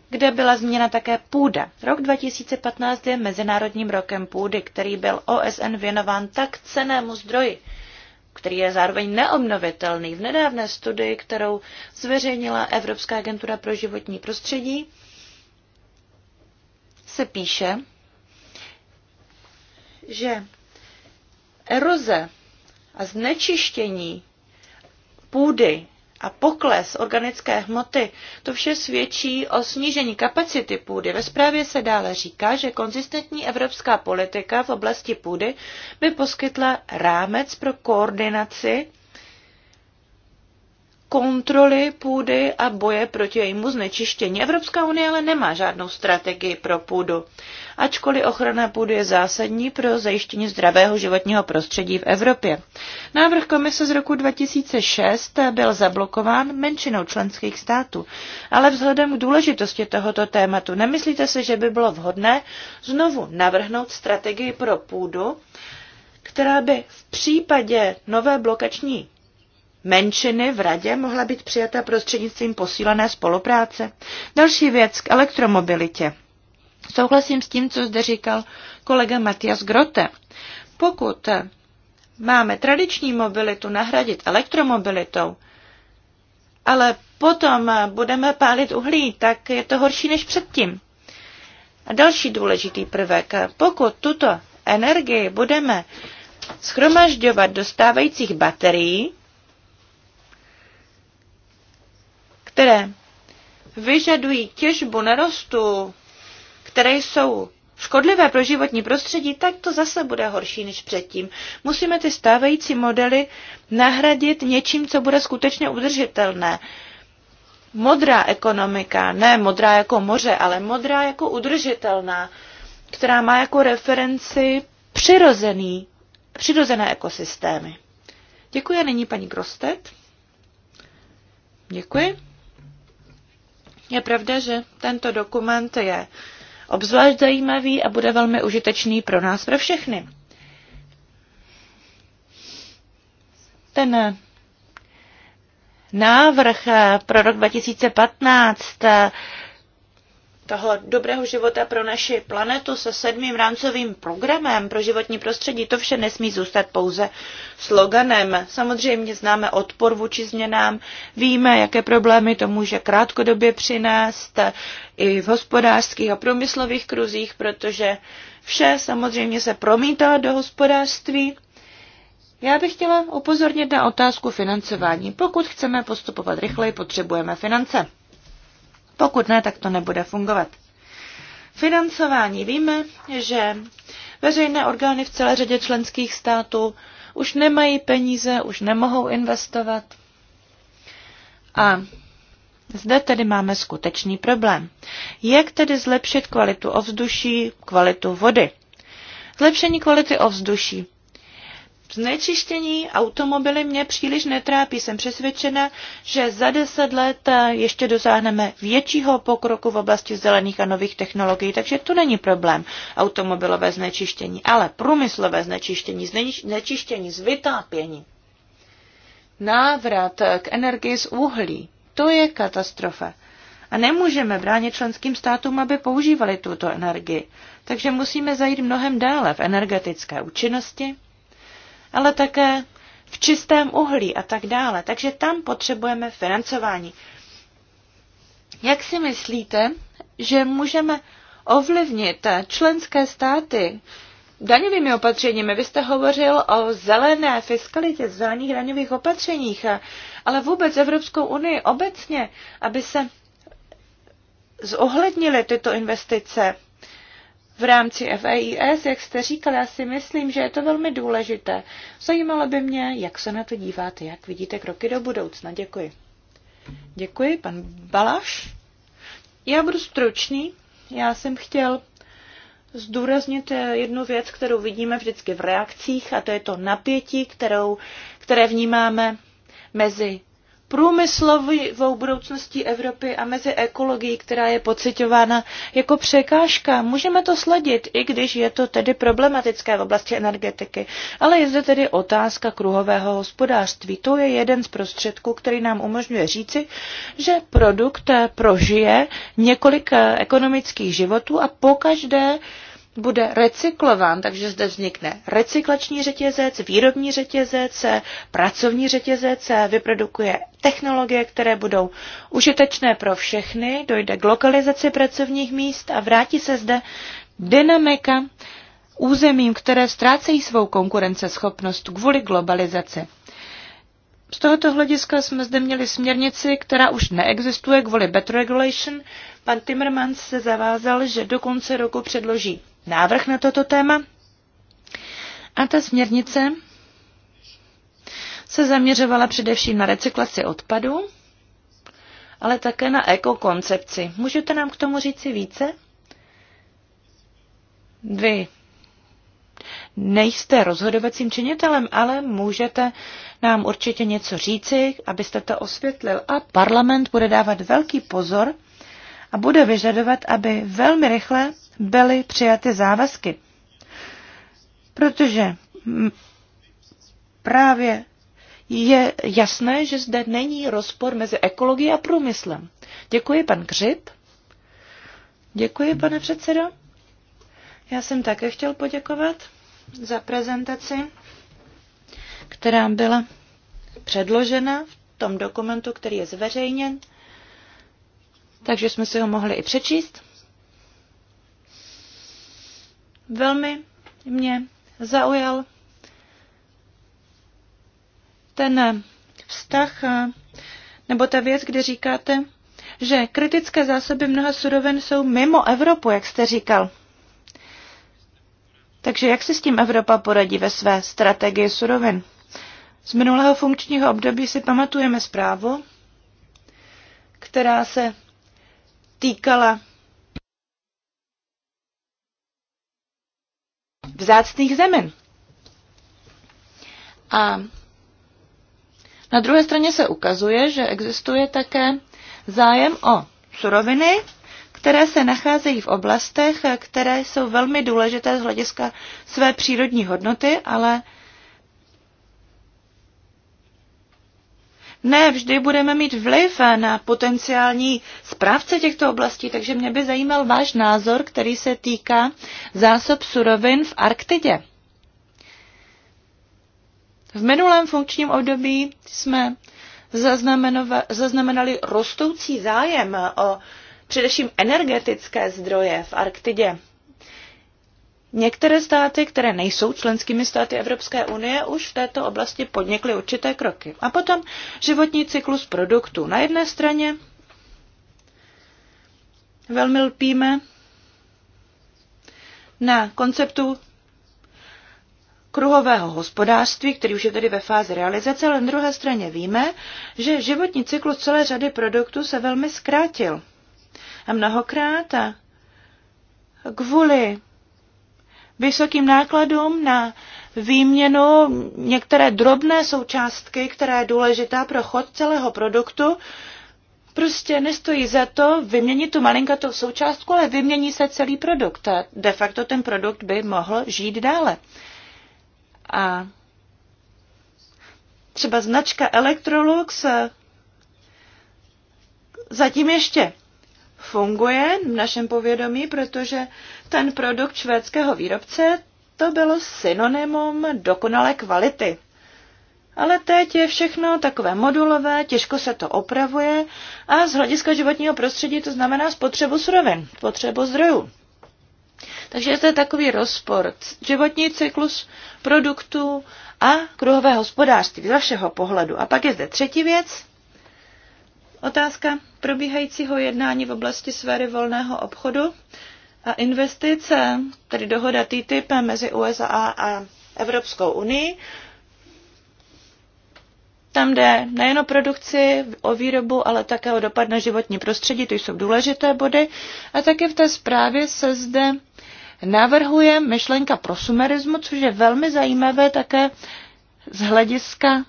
kde byla změna také půda. Rok 2015 je Mezinárodním rokem půdy, který byl OSN věnován tak cenému zdroji, který je zároveň neobnovitelný. V nedávné studii, kterou zveřejnila Evropská agentura pro životní prostředí, se píše, že eroze a znečištění půdy a pokles organické hmoty, to vše svědčí o snížení kapacity půdy. Ve zprávě se dále říká, že konzistentní evropská politika v oblasti půdy by poskytla rámec pro koordinaci kontroly půdy a boje proti jejímu znečištění. Evropská unie ale nemá žádnou strategii pro půdu. Ačkoliv ochrana půdy je zásadní pro zajištění zdravého životního prostředí v Evropě. Návrh komise z roku 2006 byl zablokován menšinou členských států, ale vzhledem k důležitosti tohoto tématu nemyslíte si, že by bylo vhodné znovu navrhnout strategii pro půdu, která by v případě nové blokační menšiny v radě mohla být přijata prostřednictvím posílené spolupráce. Další věc k elektromobilitě. Souhlasím s tím, co zde říkal kolega Matias Grote. Pokud máme tradiční mobilitu nahradit elektromobilitou, ale potom budeme pálit uhlí, tak je to horší než předtím. A další důležitý prvek, pokud tuto energii budeme schromažďovat do stávajících baterií, které vyžadují těžbu nerostů, které jsou škodlivé pro životní prostředí, tak to zase bude horší než předtím. Musíme ty stávající modely nahradit něčím, co bude skutečně udržitelné. Modrá ekonomika, ne modrá jako moře, ale modrá jako udržitelná, která má jako referenci přirozený, přirozené ekosystémy. Děkuji a nyní paní Grostet. Děkuji. Je pravda, že tento dokument je obzvlášť zajímavý a bude velmi užitečný pro nás, pro všechny. Ten návrh pro rok 2015 toho dobrého života pro naši planetu se sedmým rámcovým programem pro životní prostředí, to vše nesmí zůstat pouze sloganem. Samozřejmě známe odpor vůči změnám, víme, jaké problémy to může krátkodobě přinést i v hospodářských a průmyslových kruzích, protože vše samozřejmě se promítá do hospodářství. Já bych chtěla upozornit na otázku financování. Pokud chceme postupovat rychleji, potřebujeme finance. Pokud ne, tak to nebude fungovat. Financování. Víme, že veřejné orgány v celé řadě členských států už nemají peníze, už nemohou investovat. A zde tedy máme skutečný problém. Jak tedy zlepšit kvalitu ovzduší, kvalitu vody? Zlepšení kvality ovzduší. Znečištění automobily mě příliš netrápí. Jsem přesvědčena, že za deset let eh, ještě dosáhneme většího pokroku v oblasti zelených a nových technologií, takže to není problém automobilové znečištění, ale průmyslové znečištění, znečištění z vytápění, návrat eh, k energii z uhlí, to je katastrofa. A nemůžeme bránit členským státům, aby používali tuto energii. Takže musíme zajít mnohem dále v energetické účinnosti, ale také v čistém uhlí a tak dále. Takže tam potřebujeme financování. Jak si myslíte, že můžeme ovlivnit členské státy daňovými opatřeními? Vy jste hovořil o zelené fiskalitě, zelených daňových opatřeních, ale vůbec Evropskou unii obecně, aby se zohlednily tyto investice v rámci FAIS, e jak jste říkal, já si myslím, že je to velmi důležité. Zajímalo by mě, jak se na to díváte, jak vidíte kroky do budoucna. Děkuji. Děkuji, pan Balaš. Já budu stručný. Já jsem chtěl zdůraznit eh, jednu věc, kterou vidíme vždycky v reakcích, a to je to napětí, kterou, které vnímáme mezi průmyslovou budoucností Evropy a mezi ekologií, která je pocitována jako překážka. Můžeme to sledit, i když je to tedy problematické v oblasti energetiky. Ale je zde tedy otázka kruhového hospodářství. To je jeden z prostředků, který nám umožňuje říci, že produkt prožije několik eh, ekonomických životů a pokaždé každé bude recyklován, takže zde vznikne recyklační řetězec, výrobní řetězec, pracovní řetězec, vyprodukuje technologie, které budou užitečné pro všechny, dojde k lokalizaci pracovních míst a vrátí se zde dynamika územím, které ztrácejí svou konkurenceschopnost kvůli globalizaci. Z tohoto hlediska jsme zde měli směrnici, která už neexistuje kvůli Better Regulation. Pan Timmermans se zavázal, že do konce roku předloží návrh na toto téma. A ta směrnice se zaměřovala především na recyklaci odpadu, ale také na ekokoncepci. Můžete nám k tomu říci více? Vy nejste rozhodovacím činitelem, ale můžete nám určitě něco říci, abyste to osvětlil. A parlament bude dávat velký pozor a bude vyžadovat, aby velmi rychle byly přijaty závazky. Protože právě je jasné, že zde není rozpor mezi ekologií a průmyslem. Děkuji, pan Křip. Děkuji, pane předsedo. Já jsem také chtěl poděkovat za prezentaci, která byla předložena v tom dokumentu, který je zveřejněn, takže jsme si ho mohli i přečíst. Velmi mě zaujal ten vztah nebo ta věc, kdy říkáte, že kritické zásoby mnoha surovin jsou mimo Evropu, jak jste říkal. Takže jak si s tím Evropa poradí ve své strategii surovin? Z minulého funkčního období si pamatujeme zprávu, která se týkala vzácných zemin. A na druhé straně se ukazuje, že existuje také zájem o suroviny, které se nacházejí v oblastech, které jsou velmi důležité z hlediska své přírodní hodnoty, ale ne vždy budeme mít vliv na potenciální správce těchto oblastí, takže mě by zajímal váš názor, který se týká zásob surovin v Arktidě. V minulém funkčním období jsme zaznamenali rostoucí zájem o především energetické zdroje v Arktidě. Některé státy, které nejsou členskými státy Evropské unie, už v této oblasti podnikly určité kroky. A potom životní cyklus produktů. Na jedné straně velmi lpíme na konceptu kruhového hospodářství, který už je tedy ve fázi realizace, ale na druhé straně víme, že životní cyklus celé řady produktů se velmi zkrátil. A mnohokrát a kvůli vysokým nákladům na výměnu některé drobné součástky, která je důležitá pro chod celého produktu, prostě nestojí za to vyměnit tu malinkatou součástku, ale vymění se celý produkt. A de facto ten produkt by mohl žít dále. A třeba značka Electrolux zatím ještě funguje v našem povědomí, protože ten produkt švédského výrobce to bylo synonymum dokonalé kvality. Ale teď je všechno takové modulové, těžko se to opravuje a z hlediska životního prostředí to znamená spotřebu surovin, spotřebu zdrojů. Takže je to takový rozpor. Životní cyklus produktů a kruhové hospodářství z vašeho pohledu. A pak je zde třetí věc, Otázka probíhajícího jednání v oblasti sféry volného obchodu a investice, tedy dohoda TTIP mezi USA a Evropskou unii. Tam jde nejen o produkci, o výrobu, ale také o dopad na životní prostředí, to jsou důležité body. A také v té zprávě se zde navrhuje myšlenka prosumerismu, což je velmi zajímavé také z hlediska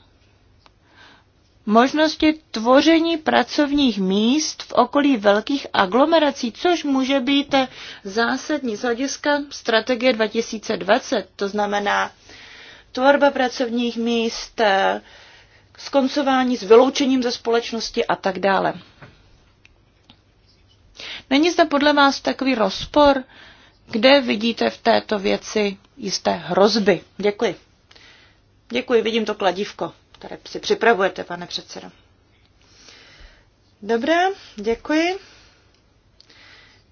možnosti tvoření pracovních míst v okolí velkých aglomerací, což může být zásadní z hlediska strategie 2020. To znamená tvorba pracovních míst, skoncování s vyloučením ze společnosti a tak dále. Není zde podle vás takový rozpor, kde vidíte v této věci jisté hrozby? Děkuji. Děkuji, vidím to kladívko které si připravujete, pane předsedo. Dobrá, děkuji.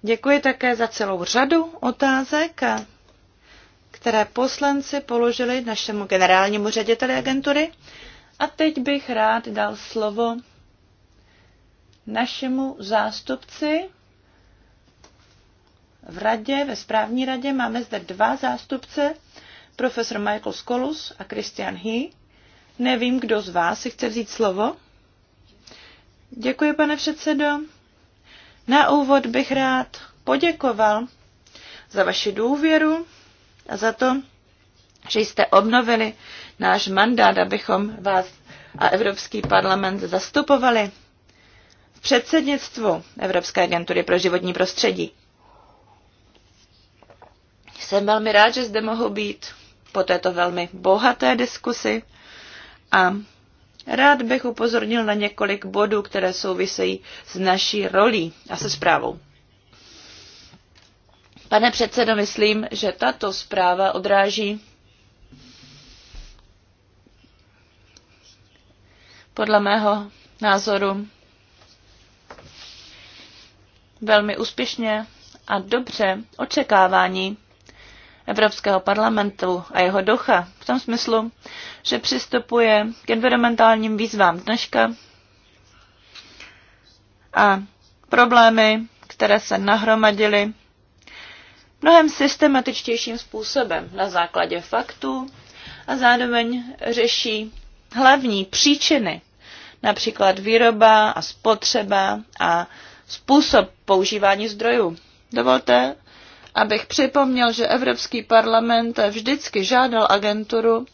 Děkuji také za celou řadu otázek, které poslanci položili našemu generálnímu řediteli agentury. A teď bych rád dal slovo našemu zástupci v radě, ve správní radě. Máme zde dva zástupce, profesor Michael Skolus a Christian Hee. Nevím, kdo z vás si chce vzít slovo. Děkuji, pane předsedo. Na úvod bych rád poděkoval za vaši důvěru a za to, že jste obnovili náš mandát, abychom vás a Evropský parlament zastupovali v předsednictvu Evropské agentury pro životní prostředí. Jsem velmi rád, že zde mohu být po této velmi bohaté diskusi a rád bych upozornil na několik bodů, které souvisejí s naší rolí a se zprávou. Pane předsedo, myslím, že tato zpráva odráží podle mého názoru velmi úspěšně a dobře očekávání, Evropského parlamentu a jeho ducha v tom smyslu, že přistupuje k environmentálním výzvám dneška a problémy, které se nahromadily mnohem systematičtějším způsobem na základě faktů a zároveň řeší hlavní příčiny, například výroba a spotřeba a způsob používání zdrojů. Dovolte, abych připomněl, že Evropský parlament vždycky žádal agenturu,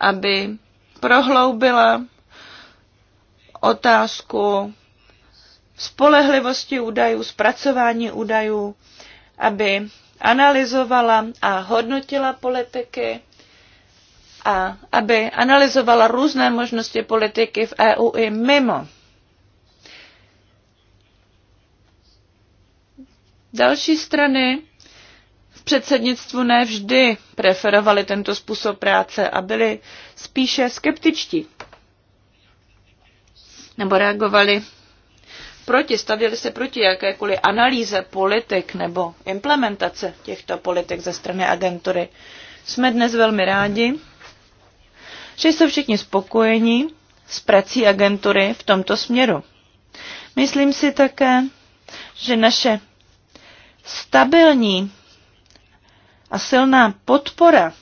aby prohloubila otázku spolehlivosti údajů, zpracování údajů, aby analyzovala a hodnotila politiky a aby analyzovala různé možnosti politiky v EU i mimo. Další strany předsednictvu ne vždy preferovali tento způsob práce a byli spíše skeptičtí. Nebo reagovali proti, stavěli se proti jakékoliv analýze politik nebo implementace těchto politik ze strany agentury. Jsme dnes velmi rádi, že jsou všichni spokojeni s prací agentury v tomto směru. Myslím si také, že naše stabilní a silná podpora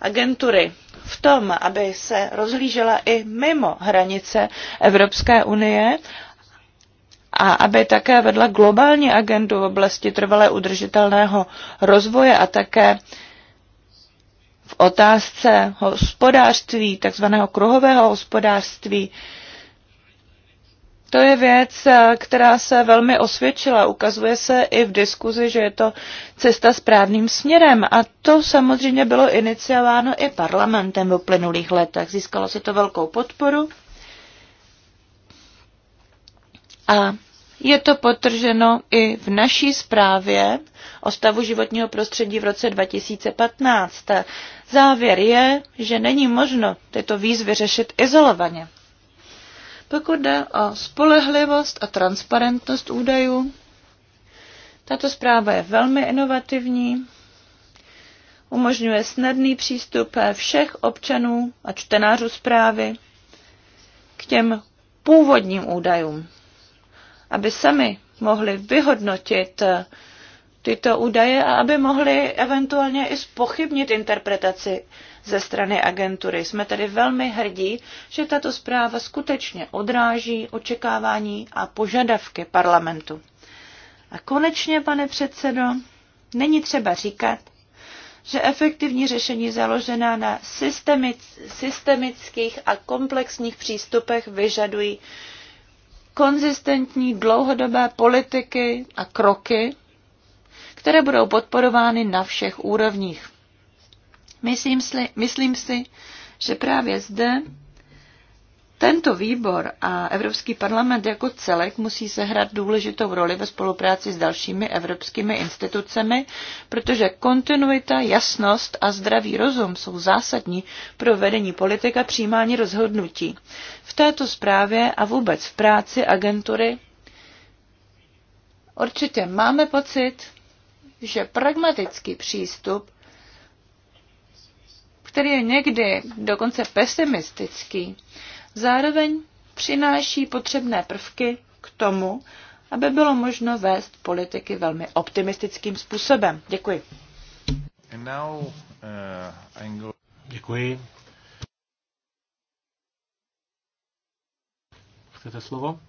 agentury v tom, aby se rozhlížela i mimo hranice Evropské unie a aby také vedla globální agendu v oblasti trvale udržitelného rozvoje a také v otázce hospodářství, takzvaného kruhového hospodářství, to je věc, eh, která se velmi osvědčila. Ukazuje se i v diskuzi, že je to cesta správným směrem. A to samozřejmě bylo iniciováno i parlamentem v uplynulých letech. Získalo se to velkou podporu. A je to potrženo i v naší zprávě o stavu životního prostředí v roce 2015. Závěr je, že není možno tyto výzvy řešit izolovaně. Pokud jde o spolehlivost a transparentnost údajů, tato zpráva je velmi inovativní, umožňuje snadný přístup všech občanů a čtenářů zprávy k těm původním údajům, aby sami mohli vyhodnotit tyto údaje a aby mohli eventuálně i spochybnit interpretaci ze strany agentury. Jsme tedy velmi hrdí, že tato zpráva skutečně odráží očekávání a požadavky parlamentu. A konečně, pane předsedo, není třeba říkat, že efektivní řešení založená na systemických a komplexních přístupech vyžadují konzistentní dlouhodobé politiky a kroky, které budou podporovány na všech úrovních. Myslím si, myslím si že právě zde tento výbor a Evropský parlament jako celek musí sehrát důležitou roli ve spolupráci s dalšími evropskými institucemi, protože kontinuita, jasnost a zdravý rozum jsou zásadní pro vedení politika přijímání rozhodnutí. V této zprávě a vůbec v práci agentury určitě máme pocit, že pragmatický přístup, který je někdy dokonce pesimistický, zároveň přináší potřebné prvky k tomu, aby bylo možno vést politiky velmi optimistickým způsobem. Děkuji. Uh, Děkuji. Chcete slovo?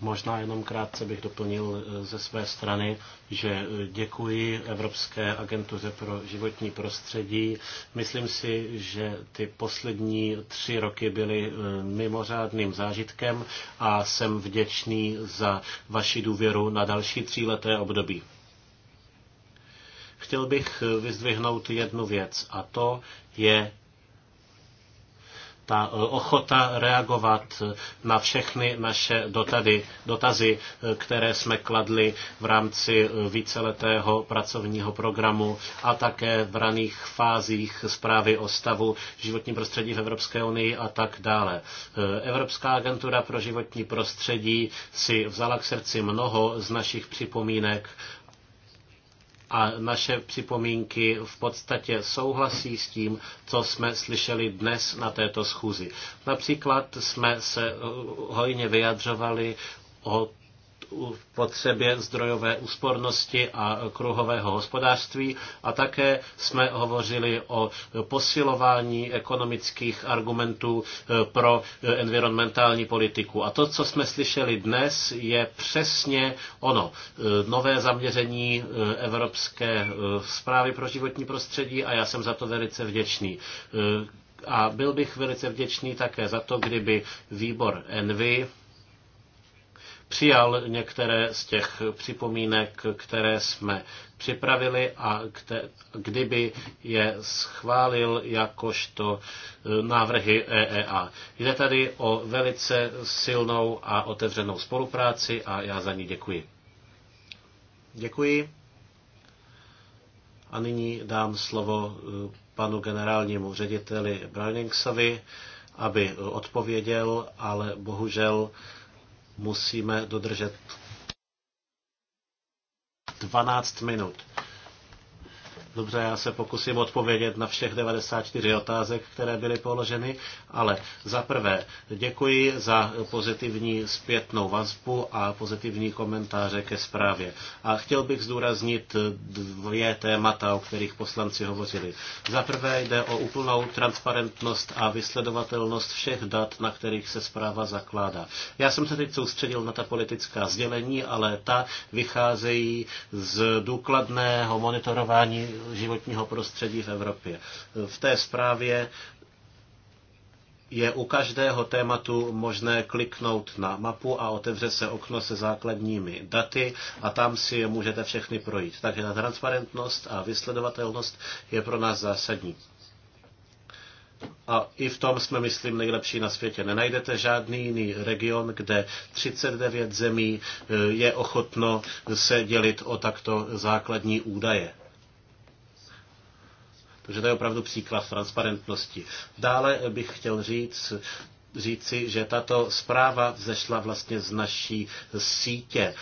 Možná jenom krátce bych doplnil eh, ze své strany, že eh, děkuji Evropské agentuře pro životní prostředí. Myslím si, že ty poslední tři roky byly eh, mimořádným zážitkem a jsem vděčný za vaši důvěru na další tříleté období. Chtěl bych vyzdvihnout jednu věc a to je ta e, ochota reagovat na všechny naše dotady, dotazy, e, které jsme kladli v rámci e, víceletého pracovního programu a také v raných fázích zprávy o stavu životní prostředí v Evropské unii a tak dále. Evropská agentura pro životní prostředí si vzala k srdci mnoho z našich připomínek a naše připomínky v podstatě souhlasí s tím, co jsme slyšeli dnes na této schůzi. Například jsme se eh, hojně vyjadřovali o potřebě zdrojové úspornosti a kruhového hospodářství a také jsme hovořili o posilování ekonomických argumentů eh, pro eh, environmentální politiku. A to, co jsme slyšeli dnes, je přesně ono. Eh, nové zaměření Evropské zprávy pro životní prostředí a já jsem za to velice vděčný a byl bych velice vděčný také za to, kdyby výbor Envy přijal některé z těch připomínek, které jsme připravili a kte, kdyby je schválil jakožto e, návrhy EEA. Jde tady o velice silnou a otevřenou spolupráci a já za ní děkuji. Děkuji. A nyní dám slovo e, panu generálnímu řediteli Browningsovi, aby odpověděl, ale bohužel musíme dodržet 12 minut. Dobře, já se pokusím odpovědět na všech 94 otázek, které byly položeny, ale za prvé děkuji za pozitivní zpětnou vazbu a pozitivní komentáře ke zprávě. A chtěl bych zdůraznit dvě témata, o kterých poslanci hovořili. Za prvé jde o úplnou transparentnost a vysledovatelnost všech dat, na kterých se zpráva zakládá. Já jsem se teď soustředil na ta politická sdělení, ale ta vycházejí z důkladného monitorování životního prostředí v Evropě. V té zprávě je u každého tématu možné kliknout na mapu a otevře se okno se základními daty a tam si je můžete všechny projít. Takže ta transparentnost a vysledovatelnost je pro nás zásadní. A i v tom jsme, myslím, nejlepší na světě. Nenajdete žádný jiný region, kde 39 zemí eh, je ochotno se dělit o takto základní údaje. Takže to je opravdu příklad transparentnosti. Dále bych chtěl říct, říci, že tato zpráva vzešla vlastně z naší sítě eh,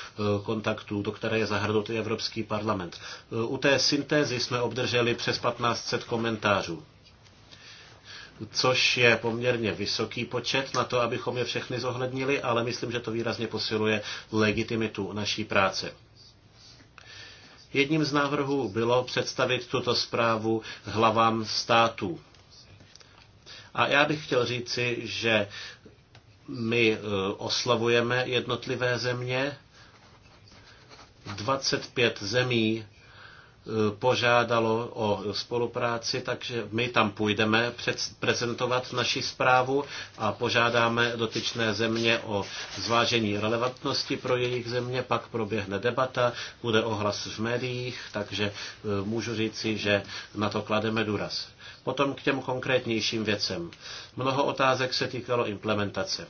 kontaktů, do které je zahrnut i Evropský parlament. Eh, u té syntézy jsme obdrželi přes 1500 komentářů což je poměrně vysoký počet na to, abychom je všechny zohlednili, ale myslím, že to výrazně posiluje legitimitu naší práce. Jedním z návrhů bylo představit tuto zprávu hlavám států. A já bych chtěl říci, že my e, oslavujeme jednotlivé země. 25 zemí Eh, požádalo o spolupráci, takže my tam půjdeme prezentovat naši zprávu a požádáme dotyčné země o zvážení relevantnosti pro jejich země, pak proběhne debata, bude ohlas v médiích, takže eh, můžu říci, že na to klademe důraz. Potom k těm konkrétnějším věcem. Mnoho otázek se týkalo implementace.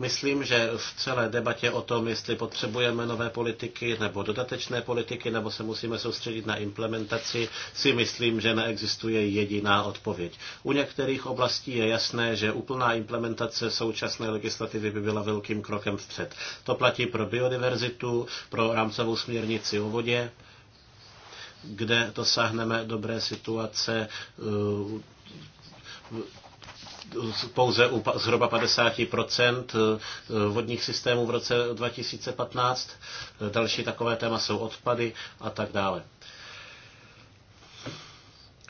Myslím, že v celé debatě o tom, jestli potřebujeme nové politiky nebo dodatečné politiky, nebo se musíme soustředit na implementaci, si myslím, že neexistuje jediná odpověď. U některých oblastí je jasné, že úplná implementace současné legislativy by byla velkým krokem vpřed. To platí pro biodiverzitu, pro rámcovou směrnici o vodě, kde dosáhneme dobré situace eh, pouze u zhruba 50% eh, eh, vodních systémů v roce 2015. Eh, další takové téma jsou odpady a tak dále.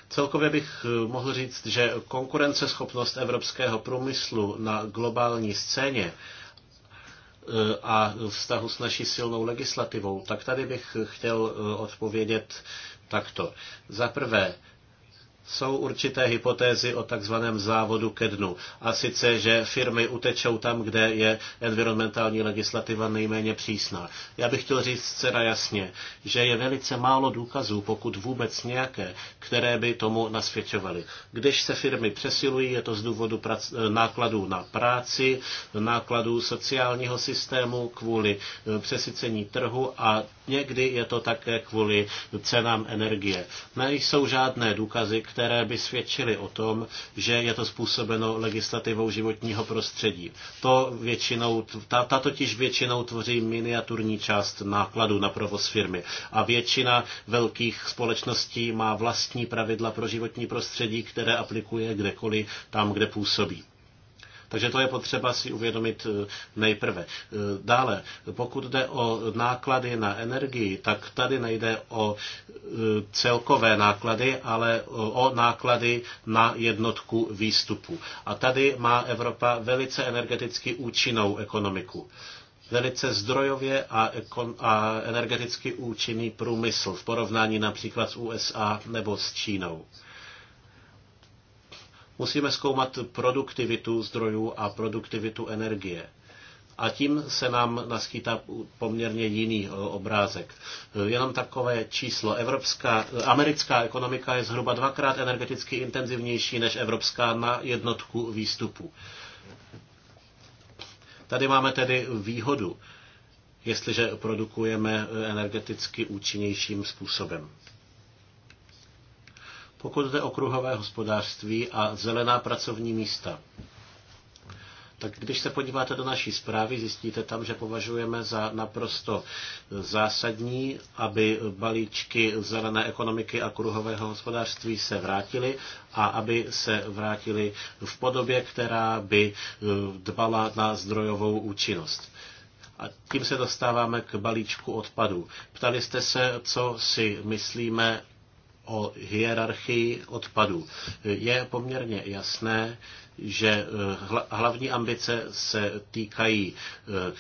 Celkově bych mohl říct, že konkurenceschopnost evropského průmyslu na globální scéně a vztahu s naší silnou legislativou, tak tady bych chtěl odpovědět takto. Za prvé, jsou určité hypotézy o takzvaném závodu ke dnu. A sice, že firmy utečou tam, kde je environmentální legislativa nejméně přísná. Já bych chtěl říct zcela jasně, že je velice málo důkazů, pokud vůbec nějaké, které by tomu nasvědčovaly. Když se firmy přesilují, je to z důvodu prac- eh, nákladů na práci, nákladů sociálního systému kvůli eh, přesycení trhu a Někdy je to také kvůli cenám energie. Nejsou žádné důkazy, které by svědčily o tom, že je to způsobeno legislativou životního prostředí. To většinou, ta, ta totiž většinou tvoří miniaturní část nákladů na provoz firmy. A většina velkých společností má vlastní pravidla pro životní prostředí, které aplikuje kdekoliv tam, kde působí. Takže to je potřeba si uvědomit eh, nejprve. Eh, dále, pokud jde o náklady na energii, tak tady nejde o eh, celkové náklady, ale o náklady na jednotku výstupu. A tady má Evropa velice energeticky účinnou ekonomiku velice zdrojově a, a energeticky účinný průmysl v porovnání například s USA nebo s Čínou. Musíme zkoumat produktivitu zdrojů a produktivitu energie a tím se nám naskýtá poměrně jiný e, obrázek. E, jenom takové číslo. Evropská, e, americká ekonomika je zhruba dvakrát energeticky intenzivnější než evropská na jednotku výstupu. Tady máme tedy výhodu, jestliže produkujeme energeticky účinnějším způsobem. Pokud jde o kruhové hospodářství a zelená pracovní místa, tak když se podíváte do naší zprávy, zjistíte tam, že považujeme za naprosto zásadní, aby balíčky zelené ekonomiky a kruhového hospodářství se vrátily a aby se vrátily v podobě, která by eh, dbala na zdrojovou účinnost. A tím se dostáváme k balíčku odpadů. Ptali jste se, co si myslíme o hierarchii odpadů. Je poměrně jasné, že eh, hlavní ambice se týkají eh,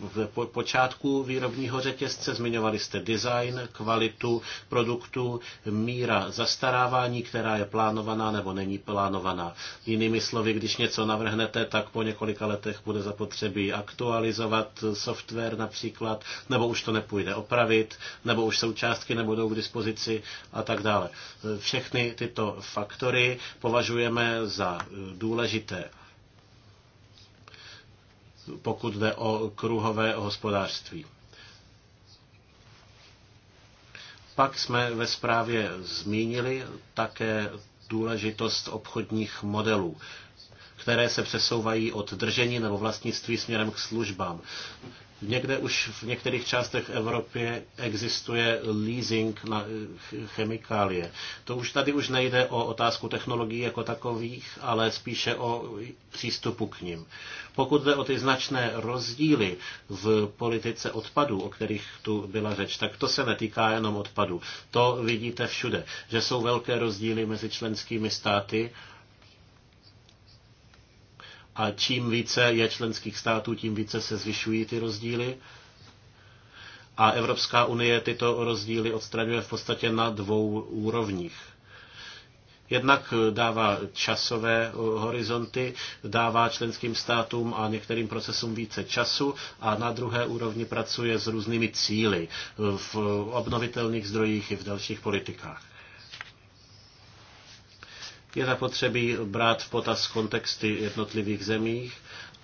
v počátku výrobního řetězce. Zmiňovali jste design, kvalitu produktu, míra zastarávání, která je plánovaná nebo není plánovaná. Jinými slovy, když něco navrhnete, tak po několika letech bude zapotřebí aktualizovat software například, nebo už to nepůjde opravit, nebo už součástky nebudou k dispozici a tak dále. Všechny tyto faktory považujeme za důležité pokud jde o kruhové hospodářství. Pak jsme ve zprávě zmínili také důležitost obchodních modelů, které se přesouvají od držení nebo vlastnictví směrem k službám. Někde už v některých částech Evropy existuje leasing na eh, chemikálie. To už tady už nejde o otázku technologií jako takových, ale spíše o přístupu k ním. Pokud jde o ty značné rozdíly v politice odpadů, o kterých tu byla řeč, tak to se netýká jenom odpadů. To vidíte všude, že jsou velké rozdíly mezi členskými státy a čím více je členských států, tím více se zvyšují ty rozdíly. A Evropská unie tyto rozdíly odstraňuje v podstatě na dvou úrovních. Jednak dává časové horizonty, dává členským státům a některým procesům více času a na druhé úrovni pracuje s různými cíly v obnovitelných zdrojích i v dalších politikách je zapotřebí brát v potaz kontexty jednotlivých zemích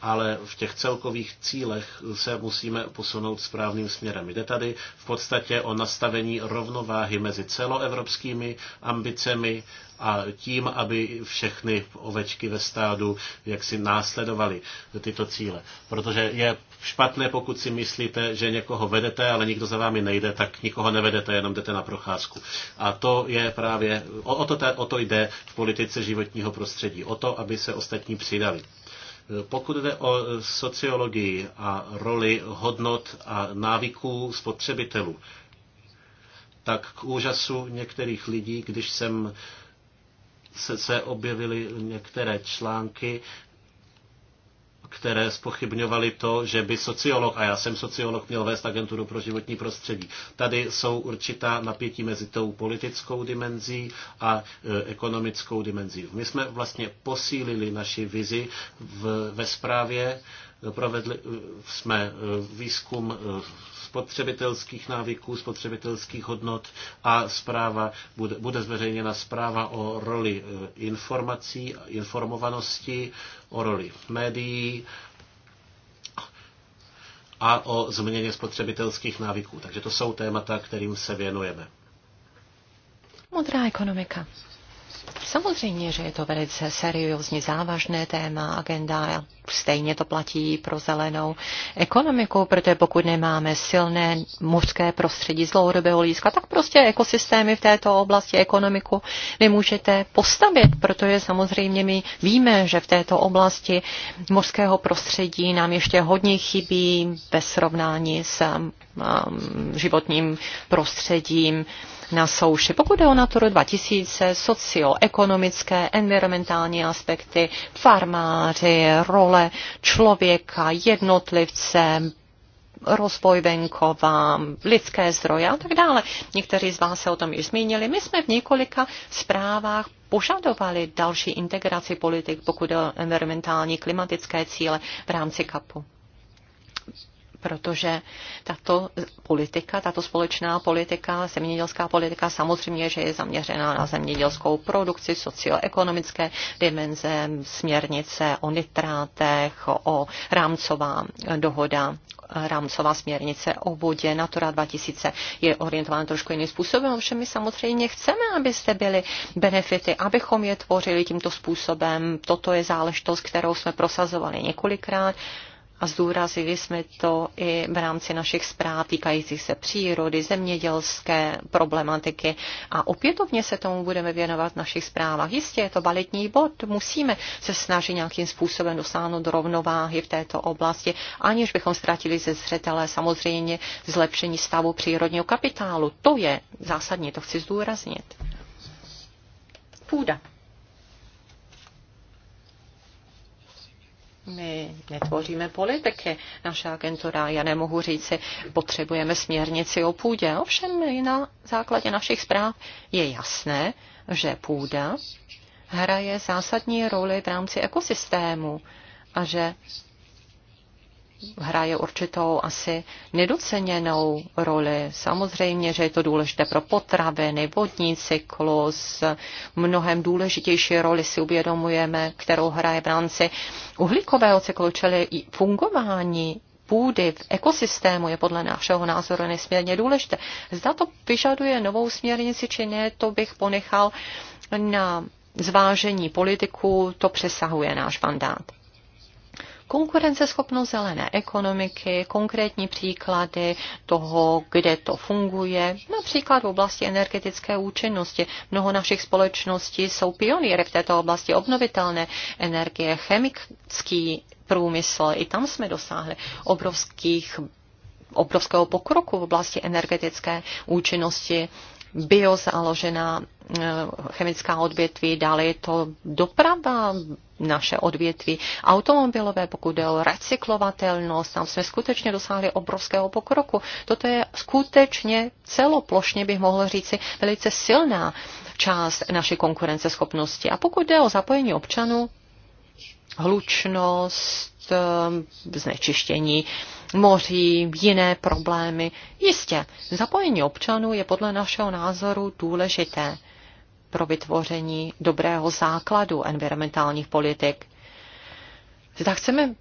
ale v těch celkových cílech se musíme posunout správným směrem. Jde tady v podstatě o nastavení rovnováhy mezi celoevropskými ambicemi a tím, aby všechny ovečky ve stádu jaksi následovaly tyto cíle. Protože je špatné, pokud si myslíte, že někoho vedete, ale nikdo za vámi nejde, tak nikoho nevedete, jenom jdete na procházku. A to je právě, o, o, to, o to jde v politice životního prostředí, o to, aby se ostatní přidali. Pokud jde o sociologii a roli hodnot a návyků spotřebitelů, tak k úžasu některých lidí, když jsem se, se objevily některé články, které spochybňovaly to, že by sociolog, a já jsem sociolog, měl vést agenturu pro životní prostředí. Tady jsou určitá napětí mezi tou politickou dimenzí a e, ekonomickou dimenzí. My jsme vlastně posílili naši vizi v, ve zprávě, e, provedli e, jsme výzkum spotřebitelských návyků, spotřebitelských hodnot a zpráva, bude, bude zveřejněna zpráva o roli e, informací, informovanosti, o roli médií a o změně spotřebitelských návyků. Takže to jsou témata, kterým se věnujeme. Modrá ekonomika. Samozřejmě, že je to velice seriózní, závažné téma, agenda. Stejně to platí pro zelenou ekonomiku, protože pokud nemáme silné mořské prostředí z dlouhodobého lízka, tak prostě ekosystémy v této oblasti ekonomiku nemůžete postavit, protože samozřejmě my víme, že v této oblasti mořského prostředí nám ještě hodně chybí ve srovnání s Um, životním prostředím na souši. Pokud je o Naturu 2000, socioekonomické, environmentální aspekty, farmáři, role člověka, jednotlivce, rozvoj venkova, lidské zdroje a tak dále. Někteří z vás se o tom již zmínili. My jsme v několika zprávách požadovali další integraci politik, pokud o environmentální klimatické cíle v rámci KAPu protože tato politika, tato společná politika, zemědělská politika samozřejmě, že je zaměřená na zemědělskou produkci, socioekonomické dimenze, směrnice o nitrátech, o rámcová dohoda rámcová směrnice o vodě Natura 2000 je orientována trošku jiným způsobem, ovšem my samozřejmě chceme, abyste byli benefity, abychom je tvořili tímto způsobem. Toto je záležitost, kterou jsme prosazovali několikrát a zdůrazili jsme to i v rámci našich zpráv týkajících se přírody, zemědělské problematiky a opětovně se tomu budeme věnovat v našich zprávách. Jistě je to valitní bod, musíme se snažit nějakým způsobem dosáhnout rovnováhy v této oblasti, aniž bychom ztratili ze zřetele samozřejmě zlepšení stavu přírodního kapitálu. To je zásadní, to chci zdůraznit. Půda. My netvoříme politiky. Naše agentura, já nemohu říci, potřebujeme směrnici o půdě. Ovšem i na základě našich zpráv je jasné, že půda hraje zásadní roli v rámci ekosystému a že hraje určitou asi nedoceněnou roli. Samozřejmě, že je to důležité pro potraviny, vodní cyklus, mnohem důležitější roli si uvědomujeme, kterou hraje v rámci uhlíkového cyklu, čili i fungování půdy v ekosystému je podle našeho názoru nesmírně důležité. Zda to vyžaduje novou směrnici či ne, to bych ponechal na zvážení politiku, to přesahuje náš mandát konkurenceschopnost zelené ekonomiky, konkrétní příklady toho, kde to funguje, například v oblasti energetické účinnosti. Mnoho našich společností jsou pionýry v této oblasti obnovitelné energie, chemický průmysl. I tam jsme dosáhli obrovských obrovského pokroku v oblasti energetické účinnosti biozaložená eh, chemická odvětví, dále je to doprava, naše odvětví automobilové, pokud je o recyklovatelnost, tam jsme skutečně dosáhli obrovského pokroku. Toto je skutečně celoplošně, bych mohl říci, velice silná část naší konkurenceschopnosti. A pokud jde o zapojení občanů, hlučnost, eh, znečištění moří, jiné problémy. Jistě, zapojení občanů je podle našeho názoru důležité pro vytvoření dobrého základu environmentálních politik. Zda chceme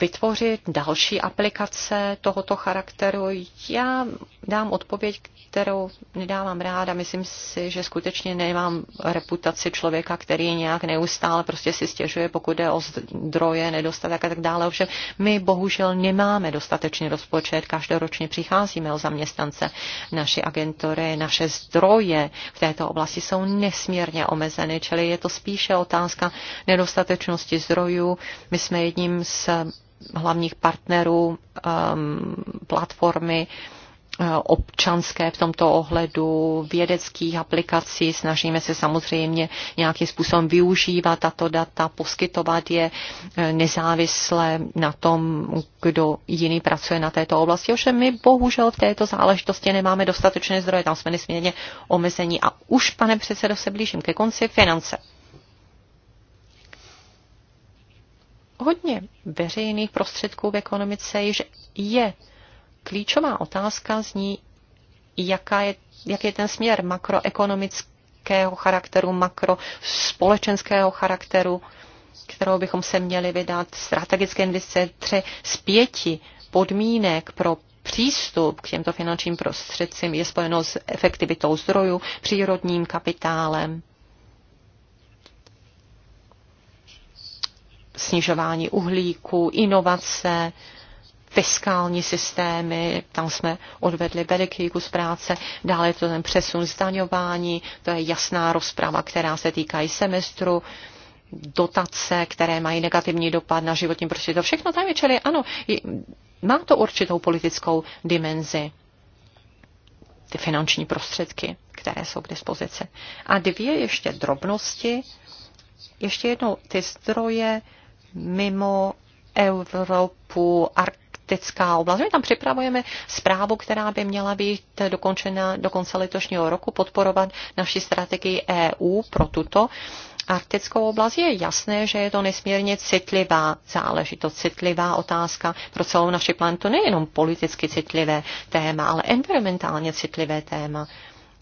vytvořit další aplikace tohoto charakteru? Já dám odpověď, kterou nedávám ráda. Myslím si, že skutečně nemám reputaci člověka, který nějak neustále prostě si stěžuje, pokud jde o zdroje, nedostatek a tak dále. Ovšem my bohužel nemáme dostatečný rozpočet, každoročně přicházíme o zaměstnance. Naše agentury, naše zdroje v této oblasti jsou nesmírně omezeny, čili je to spíše otázka nedostatečnosti zdrojů. My jsme jedním z hlavních partnerů um, platformy uh, občanské v tomto ohledu, vědeckých aplikací. Snažíme se samozřejmě nějakým způsobem využívat tato data, poskytovat je uh, nezávisle na tom, kdo jiný pracuje na této oblasti. Ovšem my bohužel v této záležitosti nemáme dostatečné zdroje, tam jsme nesmírně omezení. A už, pane předsedo, se blížím ke konci finance. hodně veřejných prostředků v ekonomice že je. Klíčová otázka zní, jaká je, jak je ten směr makroekonomického charakteru, makrospolečenského charakteru, kterou bychom se měli vydat, strategické investice tři z pěti podmínek pro přístup k těmto finančním prostředcím je spojeno s efektivitou zdrojů, přírodním kapitálem, snižování uhlíku, inovace, fiskální systémy, tam jsme odvedli veliký kus práce, dále je to ten přesun zdaňování, to je jasná rozprava, která se týká i semestru, dotace, které mají negativní dopad na životní prostředí, to všechno tam je, čili ano, má to určitou politickou dimenzi, ty finanční prostředky, které jsou k dispozici. A dvě ještě drobnosti, ještě jednou ty zdroje, mimo Evropu, Arktická oblast. My tam připravujeme zprávu, která by měla být dokončena do konce letošního roku, podporovat naši strategii EU pro tuto arktickou oblast, je jasné, že je to nesmírně citlivá záležitost, citlivá otázka pro celou naši planetu, nejenom politicky citlivé téma, ale environmentálně citlivé téma.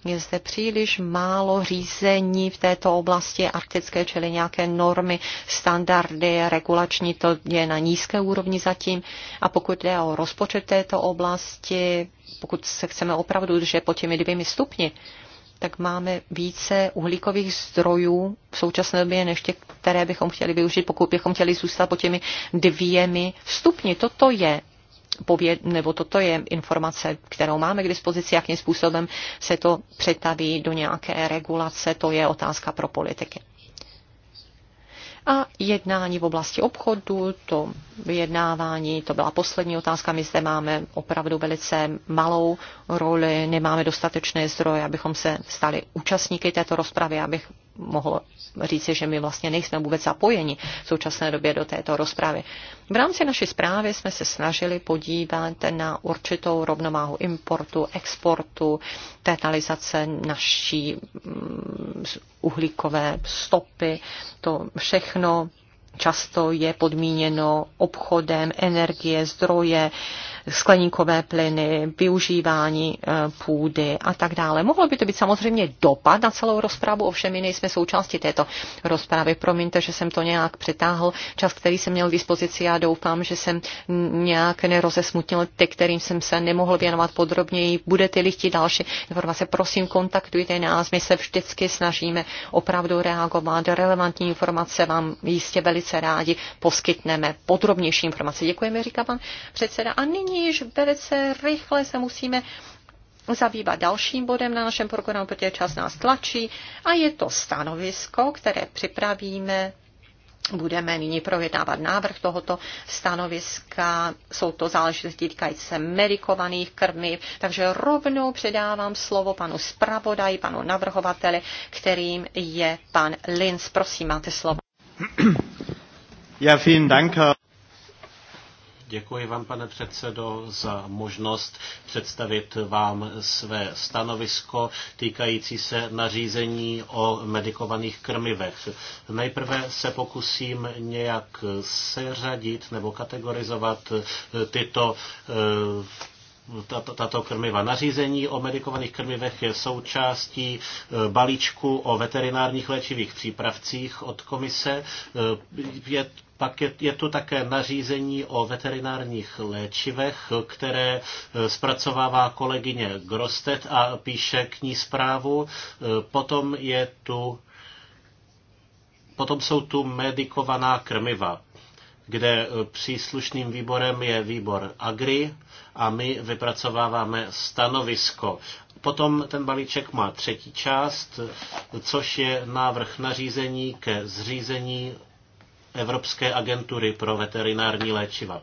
Je zde příliš málo řízení v této oblasti arktické, čili nějaké normy, standardy, regulační, to je na nízké úrovni zatím. A pokud jde o rozpočet této oblasti, pokud se chceme opravdu že pod těmi dvěmi stupni, tak máme více uhlíkových zdrojů v současné době, než těch, které bychom chtěli využít, pokud bychom chtěli zůstat pod těmi dvěmi stupni. Toto je pověd, nebo toto je informace, kterou máme k dispozici, jakým způsobem se to přetaví do nějaké regulace, to je otázka pro politiky. A jednání v oblasti obchodu, to vyjednávání, to byla poslední otázka. My zde máme opravdu velice malou roli, nemáme dostatečné zdroje, abychom se stali účastníky této rozpravy, abych mohlo říci, že my vlastně nejsme vůbec zapojeni v současné době do této rozpravy. V rámci naší zprávy jsme se snažili podívat na určitou rovnováhu importu, exportu, tetalizace naší mm, uhlíkové stopy. To všechno často je podmíněno obchodem, energie, zdroje, skleníkové plyny, využívání e, půdy a tak dále. Mohlo by to být samozřejmě dopad na celou rozpravu, ovšem my nejsme součástí této rozpravy. Promiňte, že jsem to nějak přetáhl, čas, který jsem měl k dispozici. Já doufám, že jsem nějak nerozesmutnil ty, kterým jsem se nemohl věnovat podrobněji. Budete-li chtít další informace, prosím, kontaktujte nás. My se vždycky snažíme opravdu reagovat. Relevantní informace vám jistě velice velice rádi poskytneme podrobnější informace. Děkujeme, říká pan předseda. A nyní již velice rychle se musíme zabývat dalším bodem na našem programu, protože čas nás tlačí a je to stanovisko, které připravíme Budeme nyní projednávat návrh tohoto stanoviska. Jsou to záležitosti týkající se medikovaných krmiv, takže rovnou předávám slovo panu zpravodaji, panu navrhovateli, kterým je pan Linz. Prosím, máte slovo. Ja, vielen Dank. Děkuji vám, pane předsedo, za možnost představit vám své stanovisko týkající se nařízení o medikovaných krmivech. Nejprve se pokusím nějak seřadit nebo kategorizovat tyto eh, tato, krmiva. Nařízení o medikovaných krmivech je součástí e, balíčku o veterinárních léčivých přípravcích od komise. E, je pak je, je tu také nařízení o veterinárních léčivech, které e, zpracovává kolegyně Grostet a píše k ní zprávu. Potom je tu Potom jsou tu medikovaná krmiva kde eh, příslušným výborem je výbor Agri a my vypracováváme stanovisko. Potom ten balíček má třetí část, což je návrh nařízení ke zřízení Evropské agentury pro veterinární léčiva.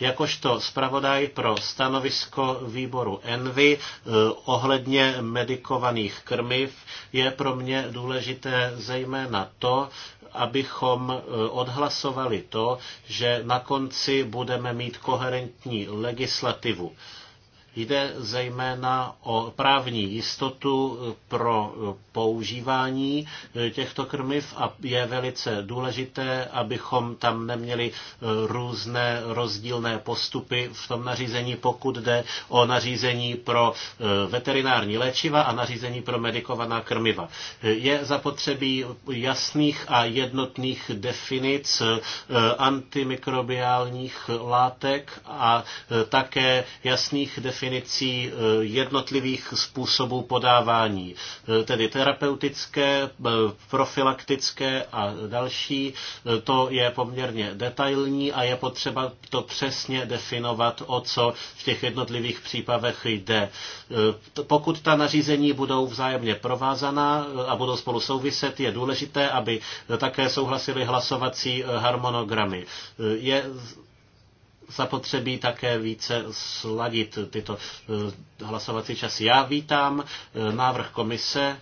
Jakožto zpravodaj pro stanovisko výboru Envy eh, ohledně medikovaných krmiv je pro mě důležité zejména to, abychom eh, odhlasovali to, že na konci budeme mít koherentní legislativu Jde zejména o právní jistotu pro používání e, těchto krmiv a je velice důležité, abychom tam neměli e, různé rozdílné postupy v tom nařízení, pokud jde o nařízení pro e, veterinární léčiva a nařízení pro medikovaná krmiva. Je zapotřebí jasných a jednotných definic antimikrobiálních látek a také jasných definic definicí eh, jednotlivých způsobů podávání, eh, tedy terapeutické, eh, profilaktické a další. To je poměrně detailní a je potřeba to přesně definovat, o co v těch jednotlivých případech jde. Pokud ta nařízení budou vzájemně provázaná a budou spolu souviset, je důležité, aby také souhlasili hlasovací harmonogramy. Je zapotřebí také více sladit tyto eh, hlasovací časy. Já vítám eh, návrh komise,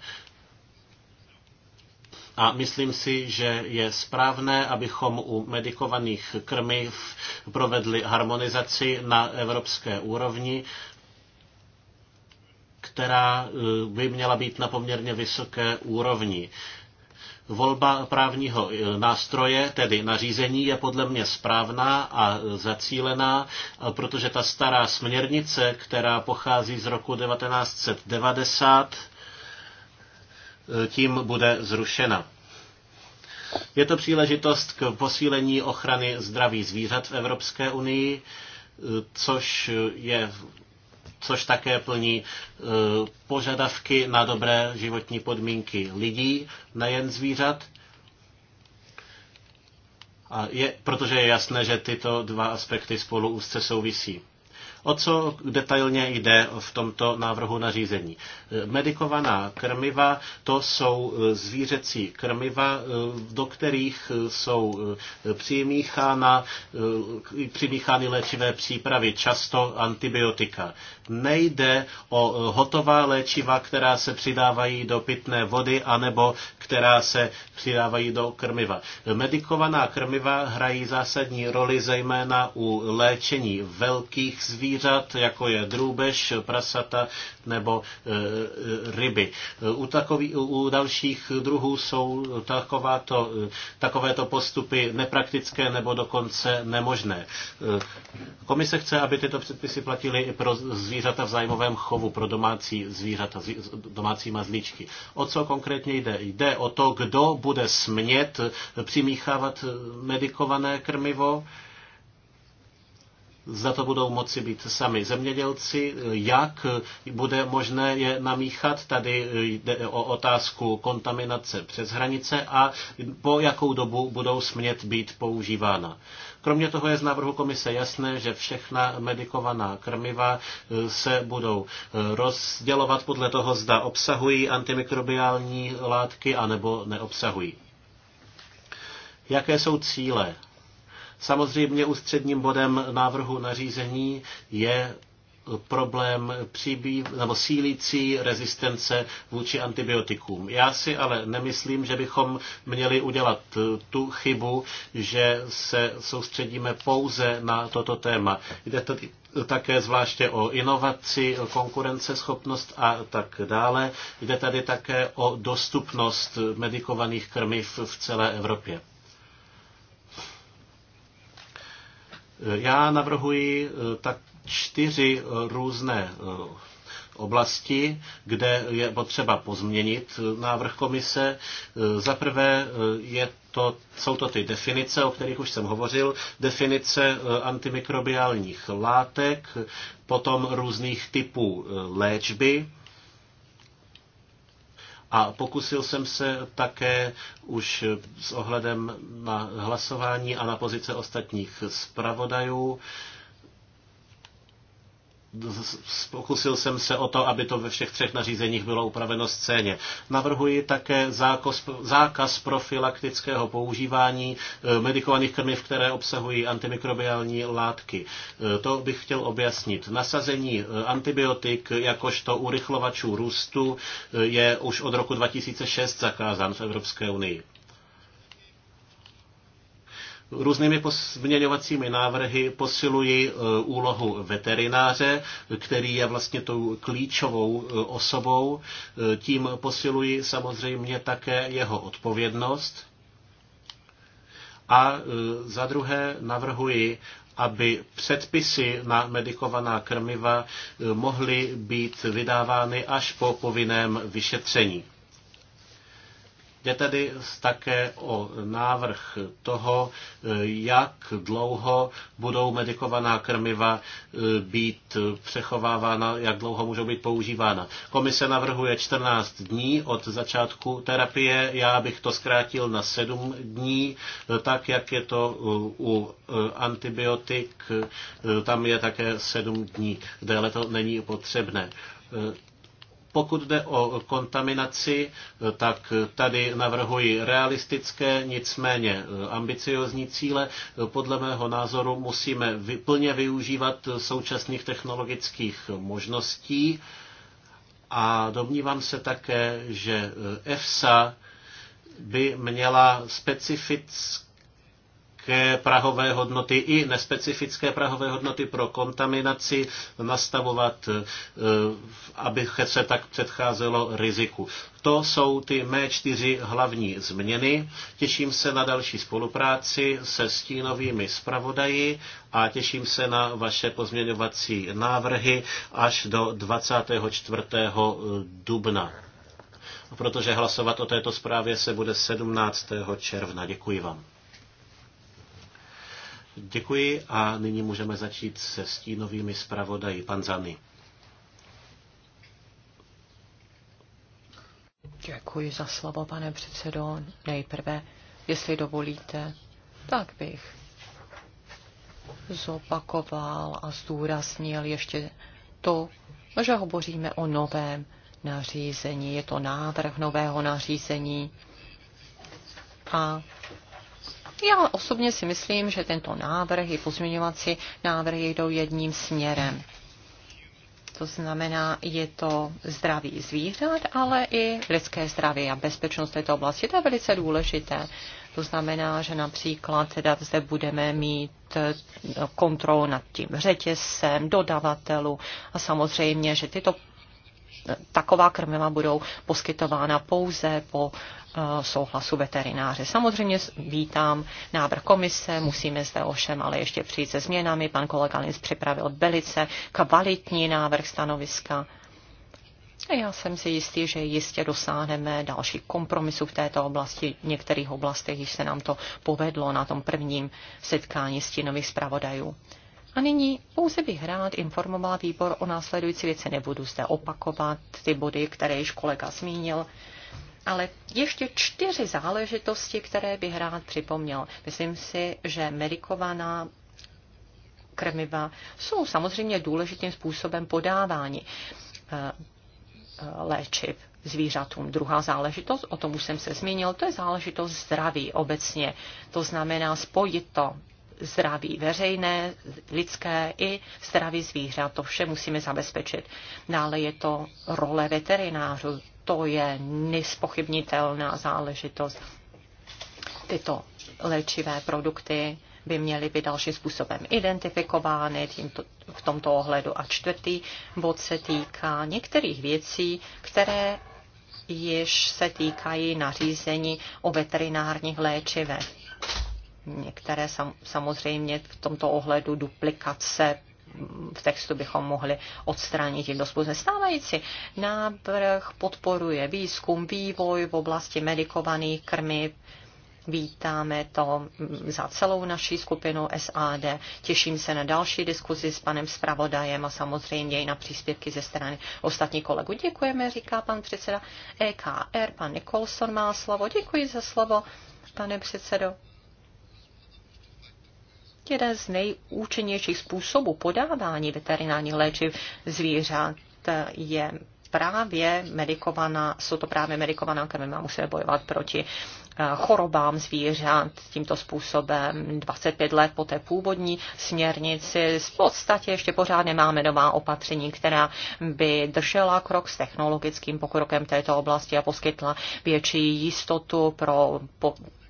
a myslím si, že je správné, abychom u medikovaných krmiv provedli harmonizaci na evropské úrovni, která eh, by měla být na poměrně vysoké úrovni. Volba právního eh, nástroje, tedy nařízení, je podle mě správná a zacílená, eh, protože ta stará směrnice, která pochází z roku 1990, eh, tím bude zrušena. Je to příležitost k posílení ochrany zdraví zvířat v Evropské unii, což je což také plní e, požadavky na dobré životní podmínky lidí, nejen zvířat. A je, protože je jasné, že tyto dva aspekty spolu úzce souvisí. O co detailně jde v tomto návrhu nařízení? Medikovaná krmiva, to jsou eh, zvířecí krmiva, eh, do kterých eh, jsou přimíchána, přimíchány léčivé přípravy, často antibiotika. Nejde o hotová léčiva, která se přidávají do pitné vody anebo která se přidávají do krmiva. Medikovaná krmiva hrají zásadní roli zejména u léčení velkých zvířat zvířat, jako je drůbež, prasata nebo e, e, ryby. E, u, takový, u dalších druhů jsou takováto, takovéto postupy nepraktické nebo dokonce nemožné. Komise chce, aby tyto předpisy platily i pro zvířata v zájmovém chovu, pro domácí zvířata, domácí mazlíčky. O co konkrétně jde? Jde o to, kdo bude smět přimíchávat medikované krmivo, za to budou moci být sami zemědělci, jak bude možné je namíchat. Tady jde o otázku kontaminace přes hranice a po jakou dobu budou smět být používána. Kromě toho je z návrhu komise jasné, že všechna medikovaná krmiva eh, se budou eh, rozdělovat podle toho, zda obsahují antimikrobiální látky anebo neobsahují. Jaké jsou cíle Samozřejmě ústředním bodem návrhu nařízení je problém příbý, nebo sílící rezistence vůči antibiotikům. Já si ale nemyslím, že bychom měli udělat tu chybu, že se soustředíme pouze na toto téma. Jde to také zvláště o inovaci, konkurenceschopnost a tak dále. Jde tady také o dostupnost medikovaných krmiv v celé Evropě. Já navrhuji eh, tak čtyři eh, různé eh, oblasti, kde je potřeba pozměnit návrh komise. Za prvé je to, jsou to ty definice, o kterých už jsem hovořil, definice antimikrobiálních látek, potom různých typů léčby, a pokusil jsem se také už s ohledem na hlasování a na pozice ostatních zpravodajů pokusil jsem se o to, aby to ve všech třech nařízeních bylo upraveno scéně. Navrhuji také zákaz, zákaz profilaktického používání eh, medikovaných krmiv, které obsahují antimikrobiální látky. Eh, to bych chtěl objasnit. Nasazení eh, antibiotik jakožto urychlovačů růstu je už od roku 2006 zakázán v Evropské unii. Různými pozměňovacími návrhy posilují e, úlohu veterináře, který je vlastně tou klíčovou e, osobou. E, tím posilují samozřejmě také jeho odpovědnost. A za druhé navrhuji, aby předpisy na medikovaná krmiva mohly být vydávány až po povinném vyšetření. Jde tedy také o návrh toho, jak dlouho budou medikovaná krmiva e, být přechovávána, jak dlouho můžou být používána. Komise navrhuje 14 dní od začátku terapie, já bych to zkrátil na 7 dní, e, tak jak je to e, u antibiotik, tam je také 7 dní, déle to není potřebné. Pokud jde o kontaminaci, tak tady navrhuji realistické, nicméně eh, ambiciozní cíle. Podle mého názoru musíme plně využívat současných technologických možností a domnívám se také, že eh, EFSA by měla specificky specifické prahové hodnoty i nespecifické prahové hodnoty pro kontaminaci nastavovat, eh, aby se tak předcházelo riziku. To jsou ty mé čtyři hlavní změny. Těším se na další spolupráci se stínovými zpravodaji a těším se na vaše pozměňovací návrhy až do 24. Eh, dubna protože hlasovat o této zprávě se bude 17. června. Děkuji vám. Děkuji a nyní můžeme začít se stínovými zpravodaji. Pan Zany. Děkuji za slovo, pane předsedo. Nejprve, jestli dovolíte, tak bych zopakoval a zdůraznil ještě to, že hovoříme o novém nařízení. Je to návrh nového nařízení a já osobně si myslím, že tento návrh i pozměňovací návrh jdou jedním směrem. To znamená, je to zdraví zvířat, ale i lidské zdraví a bezpečnost této oblasti. To je velice důležité. To znamená, že například teda zde budeme mít eh, kontrolu nad tím řetězcem, dodavatelů a samozřejmě, že tyto taková krmiva budou poskytována pouze po eh, souhlasu veterináře. Samozřejmě vítám návrh komise, musíme zde ovšem ale ještě přijít se změnami. Pan kolega Lins připravil velice kvalitní návrh stanoviska. Já jsem si jistý, že jistě dosáhneme další kompromisu v této oblasti. V některých oblastech již se nám to povedlo na tom prvním setkání stínových zpravodajů. A nyní pouze bych rád informovala výbor o následující věci. Nebudu zde opakovat ty body, které již kolega zmínil, ale ještě čtyři záležitosti, které bych rád připomněl. Myslím si, že medikovaná krmiva jsou samozřejmě důležitým způsobem podávání eh, eh, léčiv zvířatům. Druhá záležitost, o tom už jsem se zmínil, to je záležitost zdraví obecně. To znamená spojit to zdraví veřejné, lidské i zdraví zvířat. To vše musíme zabezpečit. Dále je to role veterinářů. To je nespochybnitelná záležitost. Tyto léčivé produkty by měly být dalším způsobem identifikovány tímto, v tomto ohledu. A čtvrtý bod se týká některých věcí, které již se týkají nařízení o veterinárních léčivech Některé sam, samozřejmě v tomto ohledu duplikace mm, v textu bychom mohli odstranit tímto způsobem. Stávající návrh podporuje výzkum, vývoj v oblasti medikovaných krmy. Vítáme to mm, za celou naší skupinu SAD. Těším se na další diskuzi s panem zpravodajem a samozřejmě i na příspěvky ze strany ostatních kolegů. Děkujeme, říká pan předseda EKR. Pan Nikolson má slovo. Děkuji za slovo, pane předsedo jeden z nejúčinnějších způsobů podávání veterinárních léčiv zvířat je právě medikovaná, jsou to právě medikovaná krmiva, musíme bojovat proti eh, chorobám zvířat tímto způsobem 25 let po té původní směrnici. V podstatě ještě pořád nemáme nová opatření, která by držela krok s technologickým pokrokem této oblasti a poskytla větší jistotu pro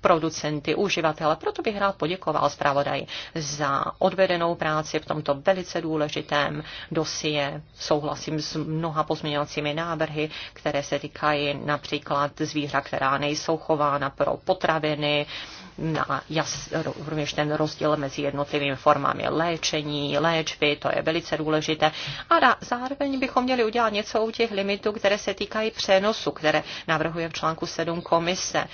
producenty, uživatele. Proto bych rád poděkoval zpravodaji za odvedenou práci v tomto velice důležitém dosie. Souhlasím s mnoha pozměňovacími návrhy, které se týkají například zvířat, která nejsou chována pro potraviny, na jas, rovněž ten rozdíl mezi jednotlivými formami léčení, léčby, to je velice důležité. A da, zároveň bychom měli udělat něco u těch limitů, které se týkají přenosu, které navrhuje v článku 7 komise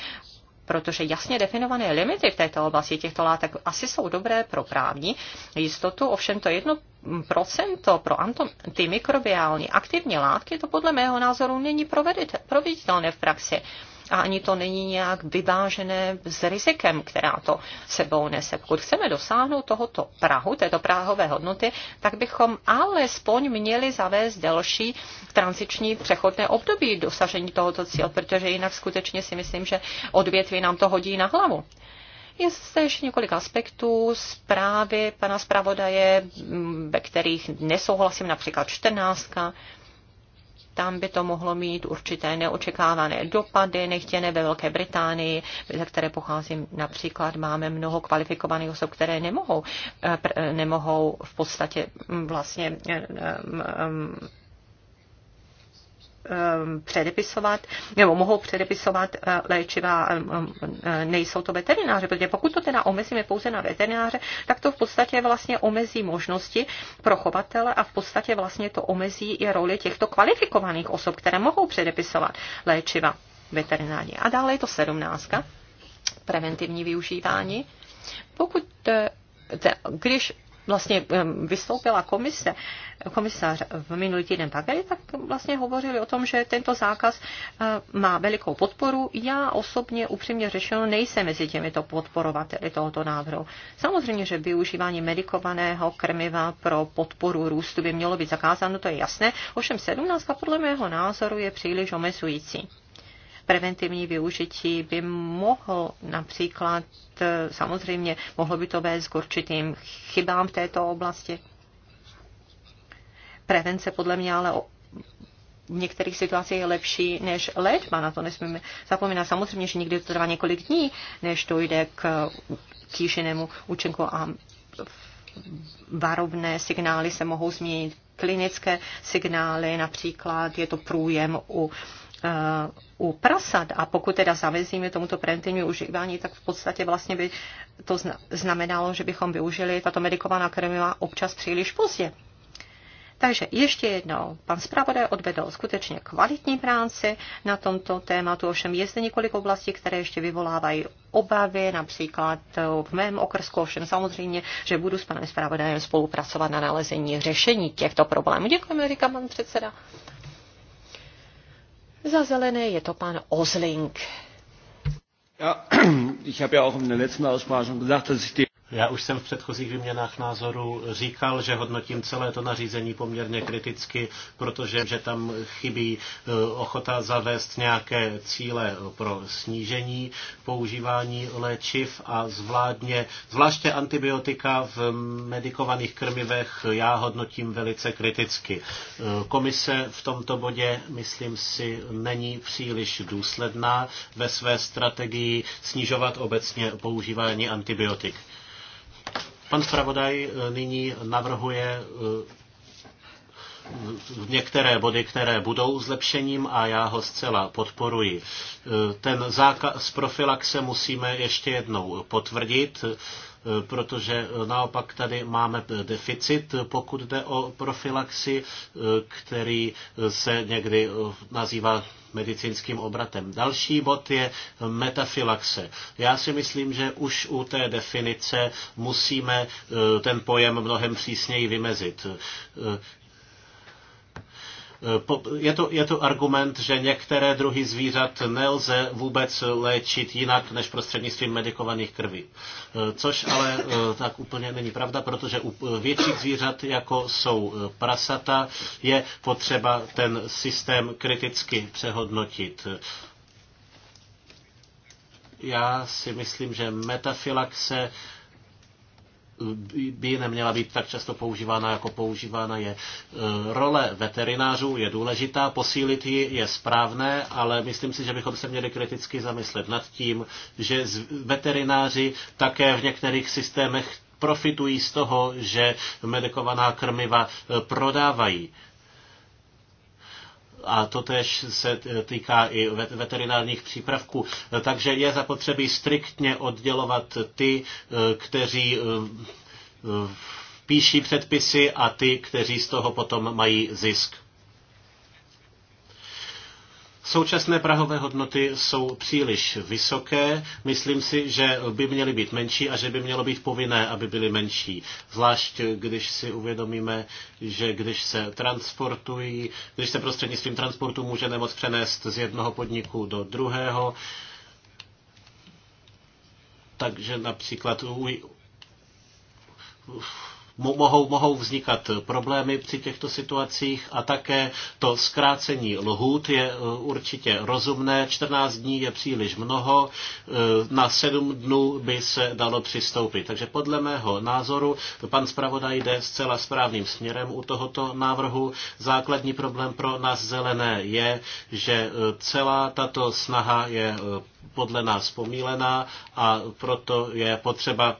protože jasně definované limity v této oblasti těchto látek asi jsou dobré pro právní jistotu, ovšem to jedno procento pro antimikrobiální aktivní látky, to podle mého názoru není proveditelné v praxi a ani to není nějak vyvážené s rizikem, která to sebou nese. Pokud chceme dosáhnout tohoto Prahu, této práhové hodnoty, tak bychom alespoň měli zavést další transiční přechodné období dosažení tohoto cíle, protože jinak skutečně si myslím, že odvětví nám to hodí na hlavu. Je zde ještě několik aspektů zprávy pana zpravodaje, ve kterých nesouhlasím, například čtrnáctka tam by to mohlo mít určité neočekávané dopady, nechtěné ve Velké Británii, ze které pocházím například, máme mnoho kvalifikovaných osob, které nemohou, eh, eh, nemohou v podstatě mm, vlastně eh, mm, Um, předepisovat, nebo mohou předepisovat uh, léčiva, um, um, nejsou to veterináři, protože pokud to teda omezíme pouze na veterináře, tak to v podstatě vlastně omezí možnosti pro chovatele a v podstatě vlastně to omezí i roli těchto kvalifikovaných osob, které mohou předepisovat léčiva veterináři. A dále je to sedmnáctka, preventivní využívání. Pokud, eh, když vlastně vystoupila komise, komisař v minulý týden také, tak vlastně hovořili o tom, že tento zákaz eh, má velikou podporu. Já osobně upřímně řešeno nejsem mezi těmito podporovateli tohoto návrhu. Samozřejmě, že využívání medikovaného krmiva pro podporu růstu by mělo být zakázáno, to je jasné, ovšem 17 podle mého názoru je příliš omezující preventivní využití by mohlo například, samozřejmě, mohlo by to vést k určitým chybám v této oblasti. Prevence podle mě ale v některých situacích je lepší než léčba, na to nesmíme zapomínat. Samozřejmě, že někdy to trvá několik dní, než dojde k tíženému účinku a varovné signály se mohou změnit klinické signály, například je to průjem u u uh, prasat, a pokud teda zavezíme tomuto preventivní užívání, tak v podstatě vlastně by to znamenalo, že bychom využili tato medikovaná krmiva občas příliš pozdě. Takže ještě jednou, pan zpravodaj odvedl skutečně kvalitní práci na tomto tématu, ovšem je zde několik oblastí, které ještě vyvolávají obavy, například v mém okrsku, ovšem samozřejmě, že budu s panem zpravodajem spolupracovat na nalezení řešení těchto problémů. Děkujeme, říká pan předseda. Za zelené je to pan Ozling. Ja, ich habe ja auch in der letzten Aussprache schon gesagt, dass ich die já už jsem v předchozích výměnách názoru říkal, že hodnotím celé to nařízení poměrně kriticky, protože že tam chybí e, ochota zavést nějaké cíle pro snížení používání léčiv a zvládně, zvláště antibiotika v medikovaných krmivech já hodnotím velice kriticky. E, komise v tomto bodě, myslím si, není příliš důsledná ve své strategii snižovat obecně používání antibiotik. Pan zpravodaj eh, nyní navrhuje eh, některé body, které budou zlepšením a já ho zcela podporuji. Eh, ten zákaz profilaxe musíme ještě jednou potvrdit. Eh, protože eh, naopak tady máme eh, deficit, pokud jde o profilaxi, který se někdy nazývá medicínským obratem. Další bod je metafilaxe. Já si myslím, že už u té definice musíme ten pojem mnohem přísněji vymezit. Je to, je to argument, že některé druhy zvířat nelze vůbec léčit jinak než prostřednictvím medikovaných krví. E, což ale e, tak úplně není pravda, protože u e, větších zvířat, jako jsou prasata, je potřeba ten systém kriticky přehodnotit já si myslím, že metafilaxe by neměla být tak často používána, jako používána je. E, role veterinářů je důležitá, posílit ji je správné, ale myslím si, že bychom se měli kriticky zamyslet nad tím, že veterináři také v některých systémech profitují z toho, že medikovaná krmiva e, prodávají a to tež se týká i veterinárních přípravků. Takže je zapotřebí striktně oddělovat ty, eh, kteří eh, píší předpisy a ty, kteří z toho potom mají zisk. Současné prahové hodnoty jsou příliš vysoké. Myslím si, že by měly být menší a že by mělo být povinné, aby byly menší. Zvlášť když si uvědomíme, že když se transportují, když se prostřednictvím transportu může nemoc přenést z jednoho podniku do druhého, takže například u, mohou, mohou vznikat problémy při těchto situacích a také to zkrácení lhůt je e, určitě rozumné. 14 dní je příliš mnoho, e, na 7 dnů by se dalo přistoupit. Takže podle mého názoru pan zpravodaj jde zcela správným směrem u tohoto návrhu. Základní problém pro nás zelené je, že e, celá tato snaha je podle nás pomílená a proto je potřeba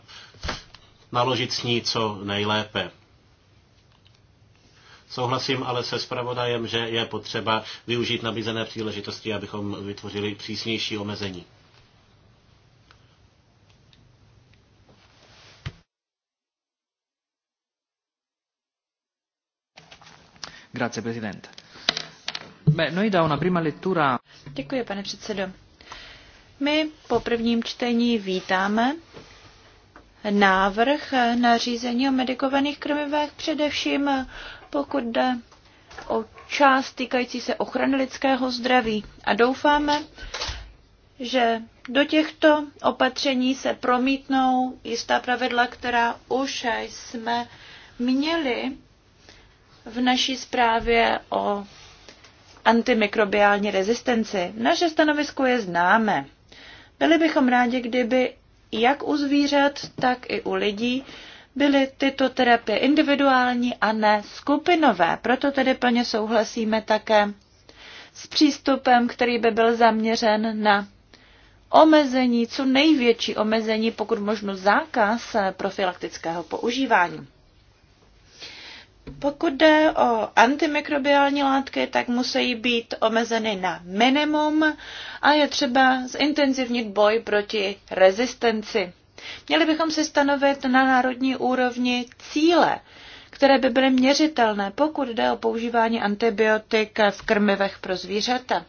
naložit s ní co nejlépe. Souhlasím ale se zpravodajem, že je potřeba využít nabízené příležitosti, abychom vytvořili přísnější omezení. Grazie, prezident. Beh, noi da una prima lettura... Děkuji, pane předsedo. My po prvním čtení vítáme návrh nařízení o medikovaných krmivech, především pokud jde o část týkající se ochrany lidského zdraví. A doufáme, že do těchto opatření se promítnou jistá pravidla, která už jsme měli v naší zprávě o antimikrobiální rezistenci. Naše stanovisko je známe. Byli bychom rádi, kdyby jak u zvířat, tak i u lidí, byly tyto terapie individuální a ne skupinové. Proto tedy plně souhlasíme také s přístupem, který by byl zaměřen na omezení, co největší omezení, pokud možno zákaz profilaktického používání. Pokud jde o antimikrobiální látky, tak musí být omezeny na minimum a je třeba zintenzivnit boj proti rezistenci. Měli bychom si stanovit na národní úrovni cíle, které by byly měřitelné, pokud jde o používání antibiotik v krmivech pro zvířata.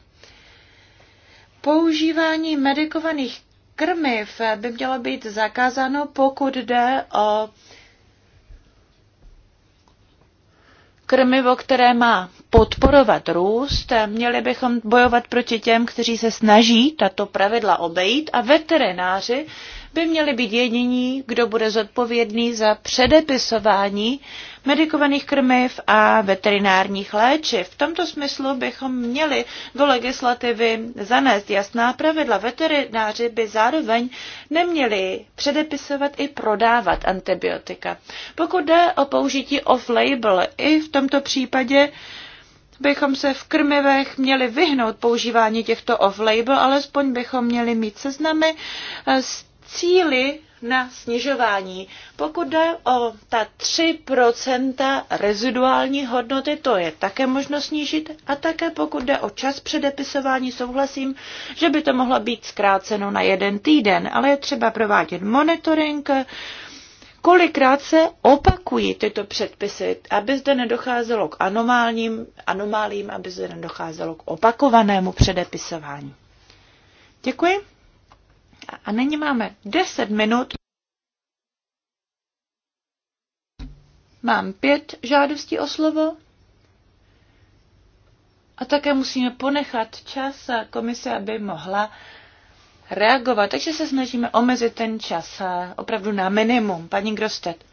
Používání medikovaných krmiv by mělo být zakázáno, pokud jde o krmivo, které má podporovat růst, měli bychom bojovat proti těm, kteří se snaží tato pravidla obejít a veterináři by měli být jediní, kdo bude zodpovědný za předepisování medikovaných krmiv a veterinárních léčiv. V tomto smyslu bychom měli do legislativy zanést jasná pravidla. Veterináři by zároveň neměli předepisovat i prodávat antibiotika. Pokud jde o použití off-label, i v tomto případě bychom se v krmivech měli vyhnout používání těchto off-label, alespoň bychom měli mít seznamy eh, s cíly na snižování. Pokud jde o ta 3% reziduální hodnoty, to je také možno snížit a také pokud jde o čas předepisování, souhlasím, že by to mohlo být zkráceno na jeden týden, ale je třeba provádět monitoring, kolikrát se opakují tyto předpisy, aby zde nedocházelo k anomálním, anomálím, aby zde nedocházelo k opakovanému předepisování. Děkuji. A nyní máme 10 minut. Mám pět žádostí o slovo. A také musíme ponechat čas komise, aby mohla reagovat. Takže se snažíme omezit ten čas opravdu na minimum. Paní Grostet.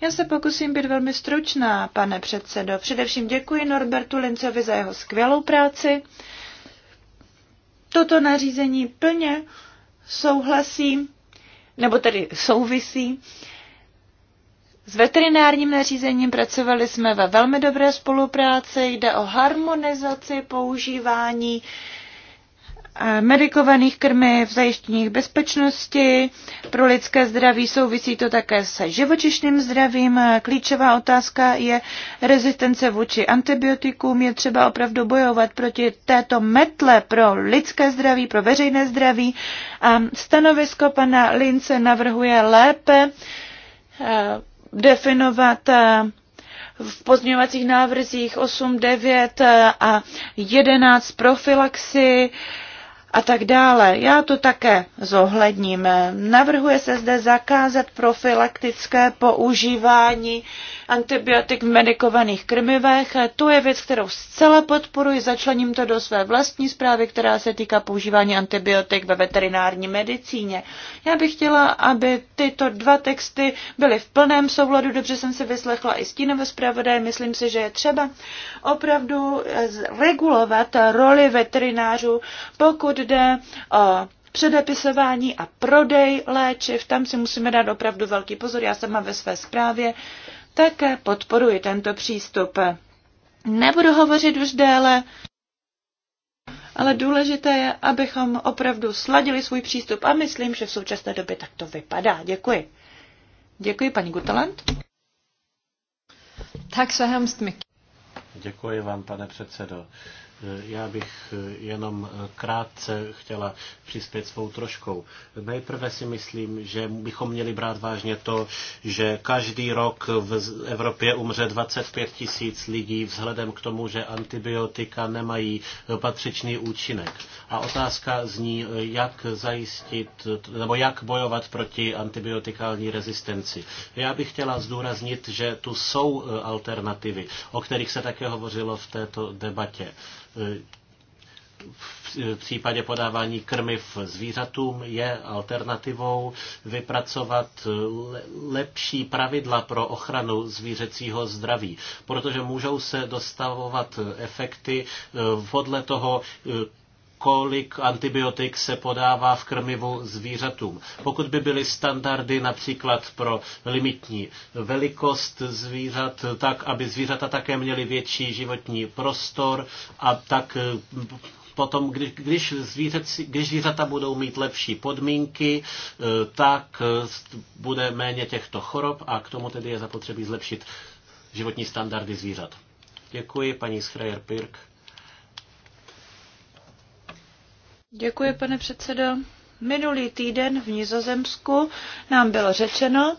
Já se pokusím být velmi stručná, pane předsedo. Především děkuji Norbertu Lincovi za jeho skvělou práci toto nařízení plně souhlasí, nebo tedy souvisí s veterinárním nařízením pracovali jsme ve velmi dobré spolupráci. Jde o harmonizaci používání Eh, medikovaných krmiv, zajištění bezpečnosti pro lidské zdraví, souvisí to také se živočišným zdravím. Eh, klíčová otázka je rezistence vůči antibiotikům. Je třeba opravdu bojovat proti této metle pro lidské zdraví, pro veřejné zdraví. A stanovisko pana Lince navrhuje lépe eh, definovat v pozměňovacích návrzích 8, 9 a 11 profilaxi a tak dále. Já to také zohledním. Navrhuje se zde zakázat profilaktické používání antibiotik v medikovaných krmivech. To je věc, kterou zcela podporuji, začlením to do své vlastní zprávy, která se týká používání antibiotik ve veterinární medicíně. Já bych chtěla, aby tyto dva texty byly v plném souladu, dobře jsem se vyslechla i stínové zpravodaje, myslím si, že je třeba opravdu eh, regulovat roli veterinářů, pokud jde o předepisování a prodej léčiv, tam si musíme dát opravdu velký pozor. Já sama ve své zprávě také podporuji tento přístup. Nebudu hovořit už déle, ale důležité je, abychom opravdu sladili svůj přístup a myslím, že v současné době tak to vypadá. Děkuji. Děkuji, paní Gutaland. Tak se Děkuji vám, pane předsedo. Já bych eh, jenom eh, krátce chtěla přispět svou troškou. Nejprve si myslím, že bychom měli brát vážně to, že každý rok v Evropě umře 25 tisíc lidí vzhledem k tomu, že antibiotika nemají eh, patřičný účinek. A otázka zní, jak zajistit, nebo jak bojovat proti antibiotikální rezistenci. Já bych chtěla zdůraznit, že tu jsou alternativy, o kterých se také hovořilo v této debatě v případě podávání krmiv zvířatům je alternativou vypracovat lepší pravidla pro ochranu zvířecího zdraví, protože můžou se dostavovat efekty eh, podle toho, eh, kolik antibiotik se podává v krmivu zvířatům. Pokud by byly standardy například pro limitní velikost zvířat, tak aby zvířata také měly větší životní prostor a tak eh, potom, když, když, když zvířata budou mít lepší podmínky, eh, tak eh, bude méně těchto chorob a k tomu tedy je zapotřebí zlepšit životní standardy zvířat. Děkuji, paní Schreier-Pirk. Děkuji, pane předsedo. Minulý týden v Nizozemsku nám bylo řečeno,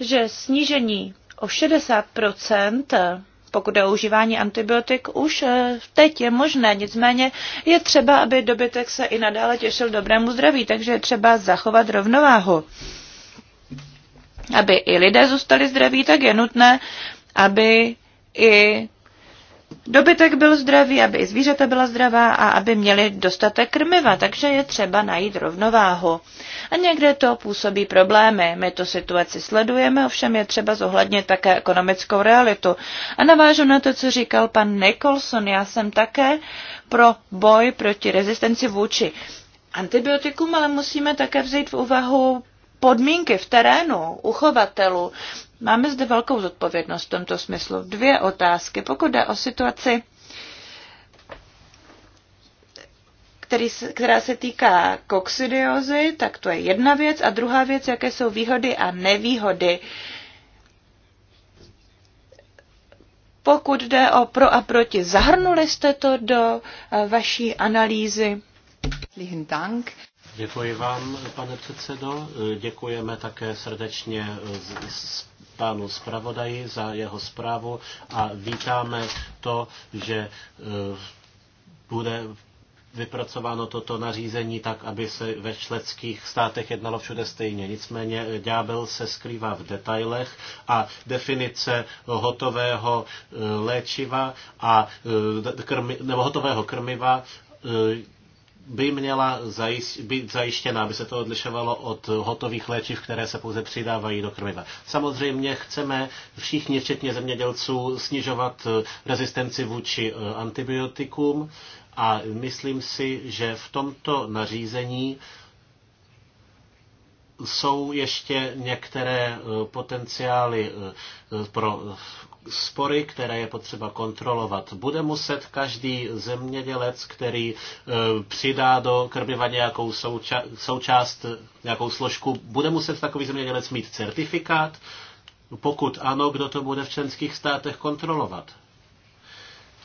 že snížení o 60 pokud je o užívání antibiotik, už eh, teď je možné. Nicméně je třeba, aby dobytek se i nadále těšil dobrému zdraví, takže je třeba zachovat rovnováhu. Aby i lidé zůstali zdraví, tak je nutné, aby i dobytek byl zdravý, aby i zvířata byla zdravá a aby měli dostatek krmiva, takže je třeba najít rovnováhu. A někde to působí problémy. My tu situaci sledujeme, ovšem je třeba zohlednit také ekonomickou realitu. A navážu na to, co říkal pan Nicholson, já jsem také pro boj proti rezistenci vůči antibiotikům, ale musíme také vzít v úvahu podmínky v terénu uchovatelů. Máme zde velkou zodpovědnost v tomto smyslu. Dvě otázky. Pokud jde o situaci, který, která se týká koksidiozy, tak to je jedna věc. A druhá věc, jaké jsou výhody a nevýhody. Pokud jde o pro a proti, zahrnuli jste to do eh, vaší analýzy? Dank. Děkuji vám, pane předsedo. Děkujeme také srdečně pánu zpravodaji za jeho zprávu a vítáme to, že e, bude vypracováno toto nařízení tak, aby se ve členských státech jednalo všude stejně. Nicméně e, ďábel se skrývá v detailech a definice hotového e, léčiva a krmi, nebo hotového krmiva by měla být zajištěna, aby se to odlišovalo od hotových léčiv, které se pouze přidávají do krmiva. Samozřejmě chceme všichni, včetně zemědělců, snižovat eh, rezistenci vůči eh, antibiotikům a myslím si, že v tomto nařízení jsou ještě některé eh, potenciály pro spory, které je potřeba kontrolovat. Bude muset každý zemědělec, který e, přidá do krmiva nějakou souča- součást, nějakou složku, bude muset takový zemědělec mít certifikát? Pokud ano, kdo to bude v členských státech kontrolovat?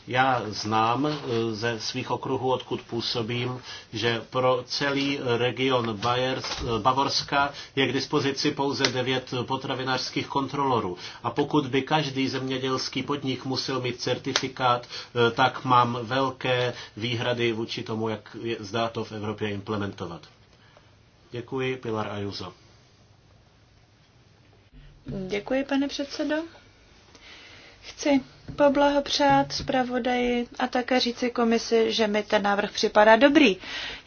Já znám eh, ze svých okruhů, odkud působím, že pro celý region eh, Bavorska je k dispozici pouze devět potravinářských kontrolorů. A pokud by každý zemědělský podnik musel mít certifikát, eh, tak mám velké výhrady vůči tomu, jak zdá to v Evropě implementovat. Děkuji, Pilar Ajuzo. Děkuji, pane předsedo. Chci poblahopřát zpravodaji a také říci komisi, že mi ten návrh připadá dobrý.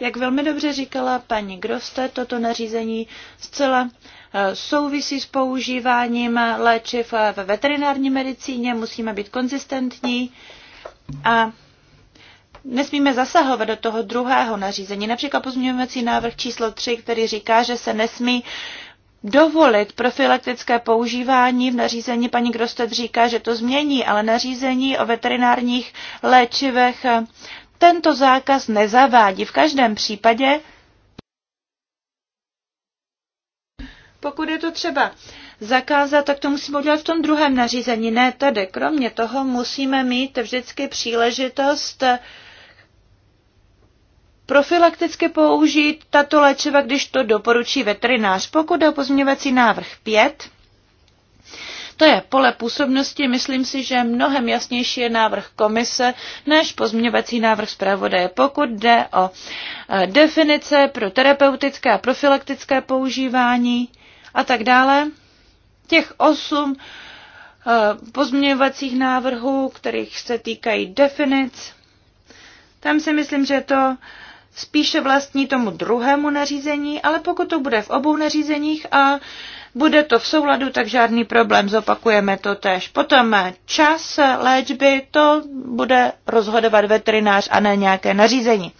Jak velmi dobře říkala paní Groste, toto nařízení zcela eh, souvisí s používáním léčiv eh, ve veterinární medicíně, musíme být konzistentní a nesmíme zasahovat do toho druhého nařízení. Například pozměňovací návrh číslo 3, který říká, že se nesmí dovolit profilaktické používání. V nařízení paní Grostet říká, že to změní, ale nařízení o veterinárních léčivech tento zákaz nezavádí. V každém případě, pokud je to třeba zakázat, tak to musíme udělat v tom druhém nařízení, ne tady. Kromě toho musíme mít vždycky příležitost profilakticky použít tato léčiva, když to doporučí veterinář. Pokud je o pozměňovací návrh 5, to je pole působnosti, myslím si, že mnohem jasnější je návrh komise než pozměňovací návrh zpravodaje. Pokud jde o e, definice pro terapeutické a profilaktické používání a tak dále, těch osm e, pozměňovacích návrhů, kterých se týkají definic, tam si myslím, že to spíše vlastní tomu druhému nařízení, ale pokud to bude v obou nařízeních a bude to v souladu, tak žádný problém, zopakujeme to tež. Potom čas léčby, to bude rozhodovat veterinář a ne nějaké nařízení.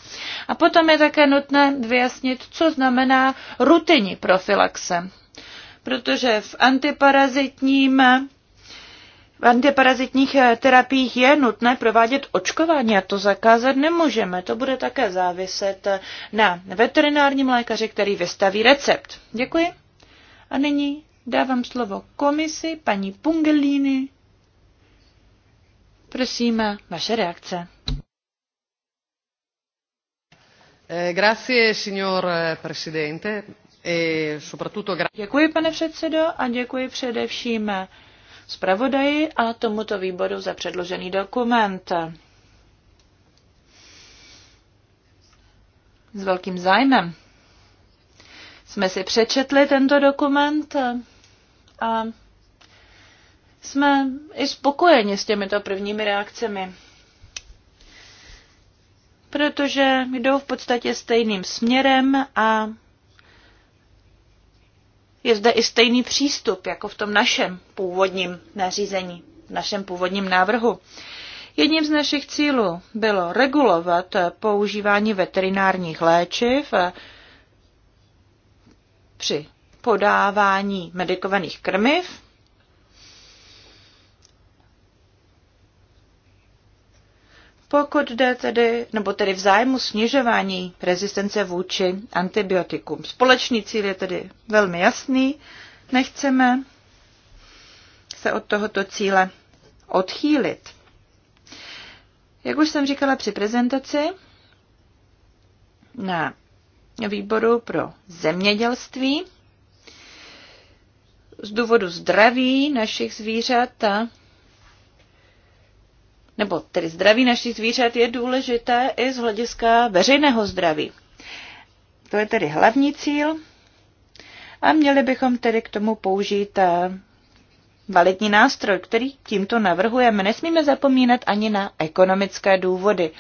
A potom je také nutné vyjasnit, co znamená rutinní profilaxe. Protože v antiparazitním v antiparazitních eh, terapiích je nutné provádět očkování a to zakázat nemůžeme. To bude také záviset eh, na veterinárním lékaři, který vystaví recept. Děkuji. A nyní dávám slovo komisi paní Pungelíny. Prosím, eh, vaše reakce. Grazie, signor Presidente. E děkuji, pane předsedo, a děkuji především zpravodaji a tomuto výboru za předložený dokument. S velkým zájmem jsme si přečetli tento dokument a jsme i spokojeni s těmito prvními reakcemi, protože jdou v podstatě stejným směrem a je zde i stejný přístup jako v tom našem původním nařízení, našem původním návrhu. Jedním z našich cílů bylo regulovat používání veterinárních léčiv při podávání medikovaných krmiv Pokud jde tedy, nebo tedy v zájmu snižování rezistence vůči antibiotikům. Společný cíl je tedy velmi jasný. Nechceme se od tohoto cíle odchýlit. Jak už jsem říkala při prezentaci na výboru pro zemědělství, z důvodu zdraví našich zvířat a nebo tedy zdraví našich zvířat je důležité i z hlediska veřejného zdraví. To je tedy hlavní cíl a měli bychom tedy k tomu použít eh, validní nástroj, který tímto navrhujeme. Nesmíme zapomínat ani na ekonomické důvody,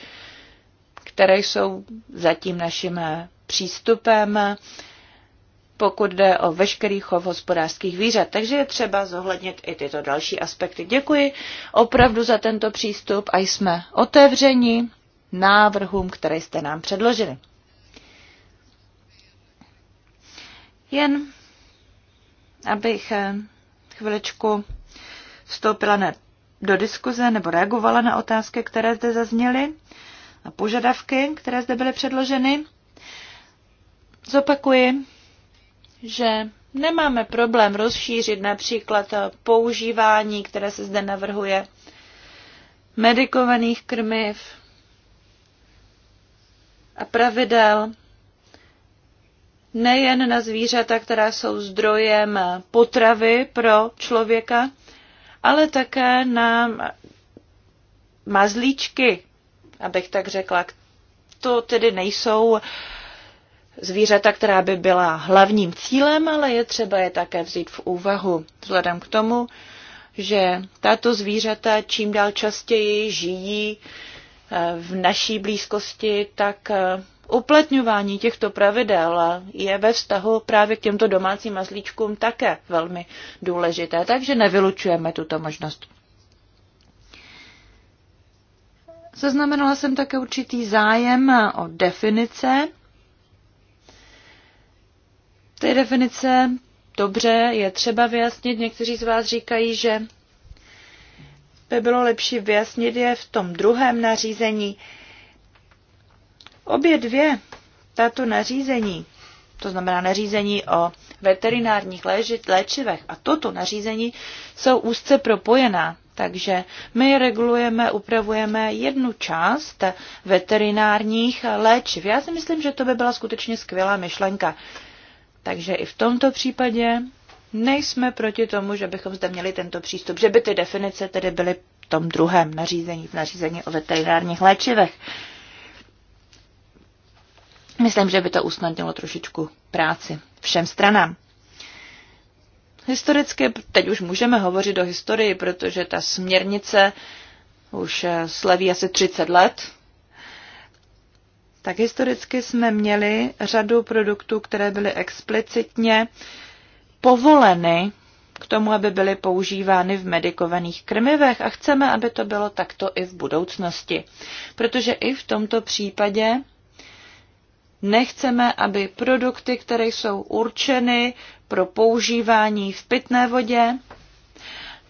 které jsou zatím naším eh, přístupem pokud jde o veškerý chov hospodářských výřad. Takže je třeba zohlednit i tyto další aspekty. Děkuji opravdu za tento přístup a jsme otevřeni návrhům, které jste nám předložili. Jen abych eh, chvilečku vstoupila na, do diskuze nebo reagovala na otázky, které zde zazněly a požadavky, které zde byly předloženy. Zopakuji, že nemáme problém rozšířit například eh, používání, které se zde navrhuje, medikovaných krmiv a pravidel nejen na zvířata, která jsou zdrojem eh, potravy pro člověka, ale také na mazlíčky, abych tak řekla. To tedy nejsou zvířata, která by byla hlavním cílem, ale je třeba je také vzít v úvahu, vzhledem k tomu, že tato zvířata čím dál častěji žijí eh, v naší blízkosti, tak eh, uplatňování těchto pravidel je ve vztahu právě k těmto domácím mazlíčkům také velmi důležité, takže nevylučujeme tuto možnost. Zaznamenala jsem také určitý zájem o definice té definice, dobře, je třeba vyjasnit. Někteří z vás říkají, že by bylo lepší vyjasnit je v tom druhém nařízení. Obě dvě tato nařízení, to znamená nařízení o veterinárních léčivech a toto nařízení jsou úzce propojená. Takže my regulujeme, upravujeme jednu část veterinárních léčiv. Já si myslím, že to by byla skutečně skvělá myšlenka. Takže i v tomto případě nejsme proti tomu, že bychom zde měli tento přístup, že by ty definice tedy byly v tom druhém nařízení, v nařízení o veterinárních léčivech. Myslím, že by to usnadnilo trošičku práci všem stranám. Historicky, teď už můžeme hovořit o historii, protože ta směrnice už slaví asi 30 let, tak historicky jsme měli řadu produktů, které byly explicitně povoleny k tomu, aby byly používány v medikovaných krmivech a chceme, aby to bylo takto i v budoucnosti. Protože i v tomto případě nechceme, aby produkty, které jsou určeny pro používání v pitné vodě,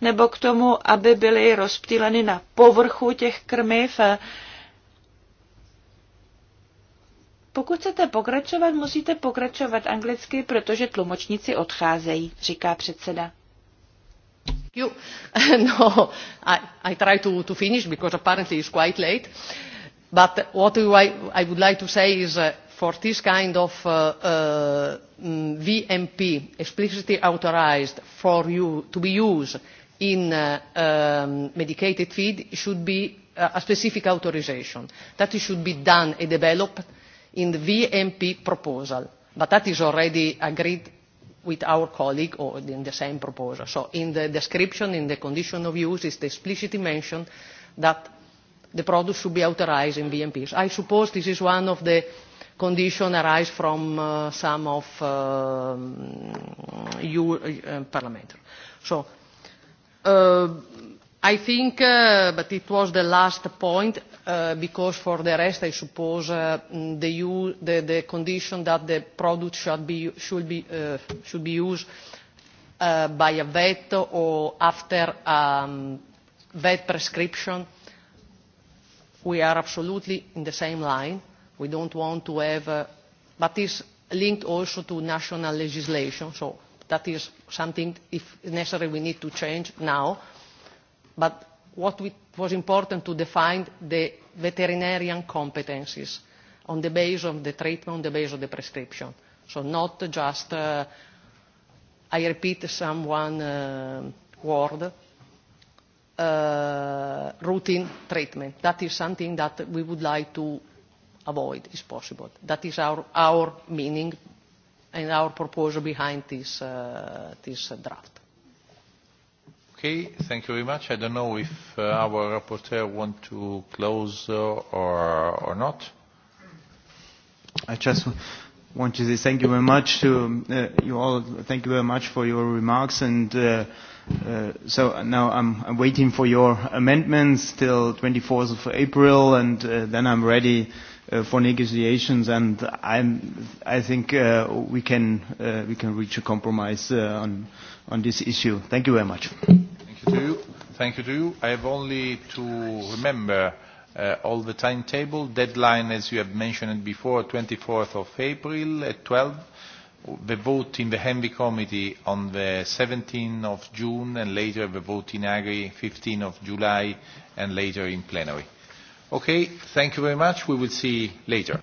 nebo k tomu, aby byly rozptýleny na povrchu těch krmiv, pokud chcete pokračovat, musíte pokračovat anglicky, protože tlumočníci odcházejí, říká předseda. You, no, I, I try to, to finish because apparently it's quite late. But what I, I would like to say is uh, for this kind of uh, uh, mm, VMP explicitly authorized for you to be used in uh, um, medicated feed should be uh, a specific authorization. That should be done and developed in the VMP proposal. But that is already agreed with our colleague or in the same proposal. So in the description, in the condition of use, it's explicitly mentioned that the product should be authorized in VMPs. I suppose this is one of the conditions arise from uh, some of uh, you uh, parliamentary. So uh, i think, uh, but it was the last point, uh, because for the rest, I suppose, uh, the, use, the, the condition that the product should be, should be, uh, should be used uh, by a vet or after um, vet prescription, we are absolutely in the same line. We don't want to have, uh, but it's linked also to national legislation, so that is something, if necessary, we need to change now but what we, was important to define the veterinarian competencies on the basis of the treatment, on the basis of the prescription. So not just, uh, I repeat some one uh, word, uh, routine treatment. That is something that we would like to avoid, if possible. That is our, our meaning and our proposal behind this, uh, this draft. Okay, thank you very much. I don't know if uh, our rapporteur want to close uh, or, or not. I just want to say thank you very much to um, uh, you all. Thank you very much for your remarks. And uh, uh, so now I'm, I'm waiting for your amendments till 24th of April, and uh, then I'm ready uh, for negotiations, and I'm, I think uh, we can uh, we can reach a compromise uh, on on this issue. Thank you very much. Thank you to you. Thank you to you. I have only to remember uh, all the timetable deadline, as you have mentioned before, 24th of April at 12. The vote in the Henry Committee on the 17th of June, and later the vote in Agri, 15th of July, and later in plenary. Okay, thank you very much. We will see later.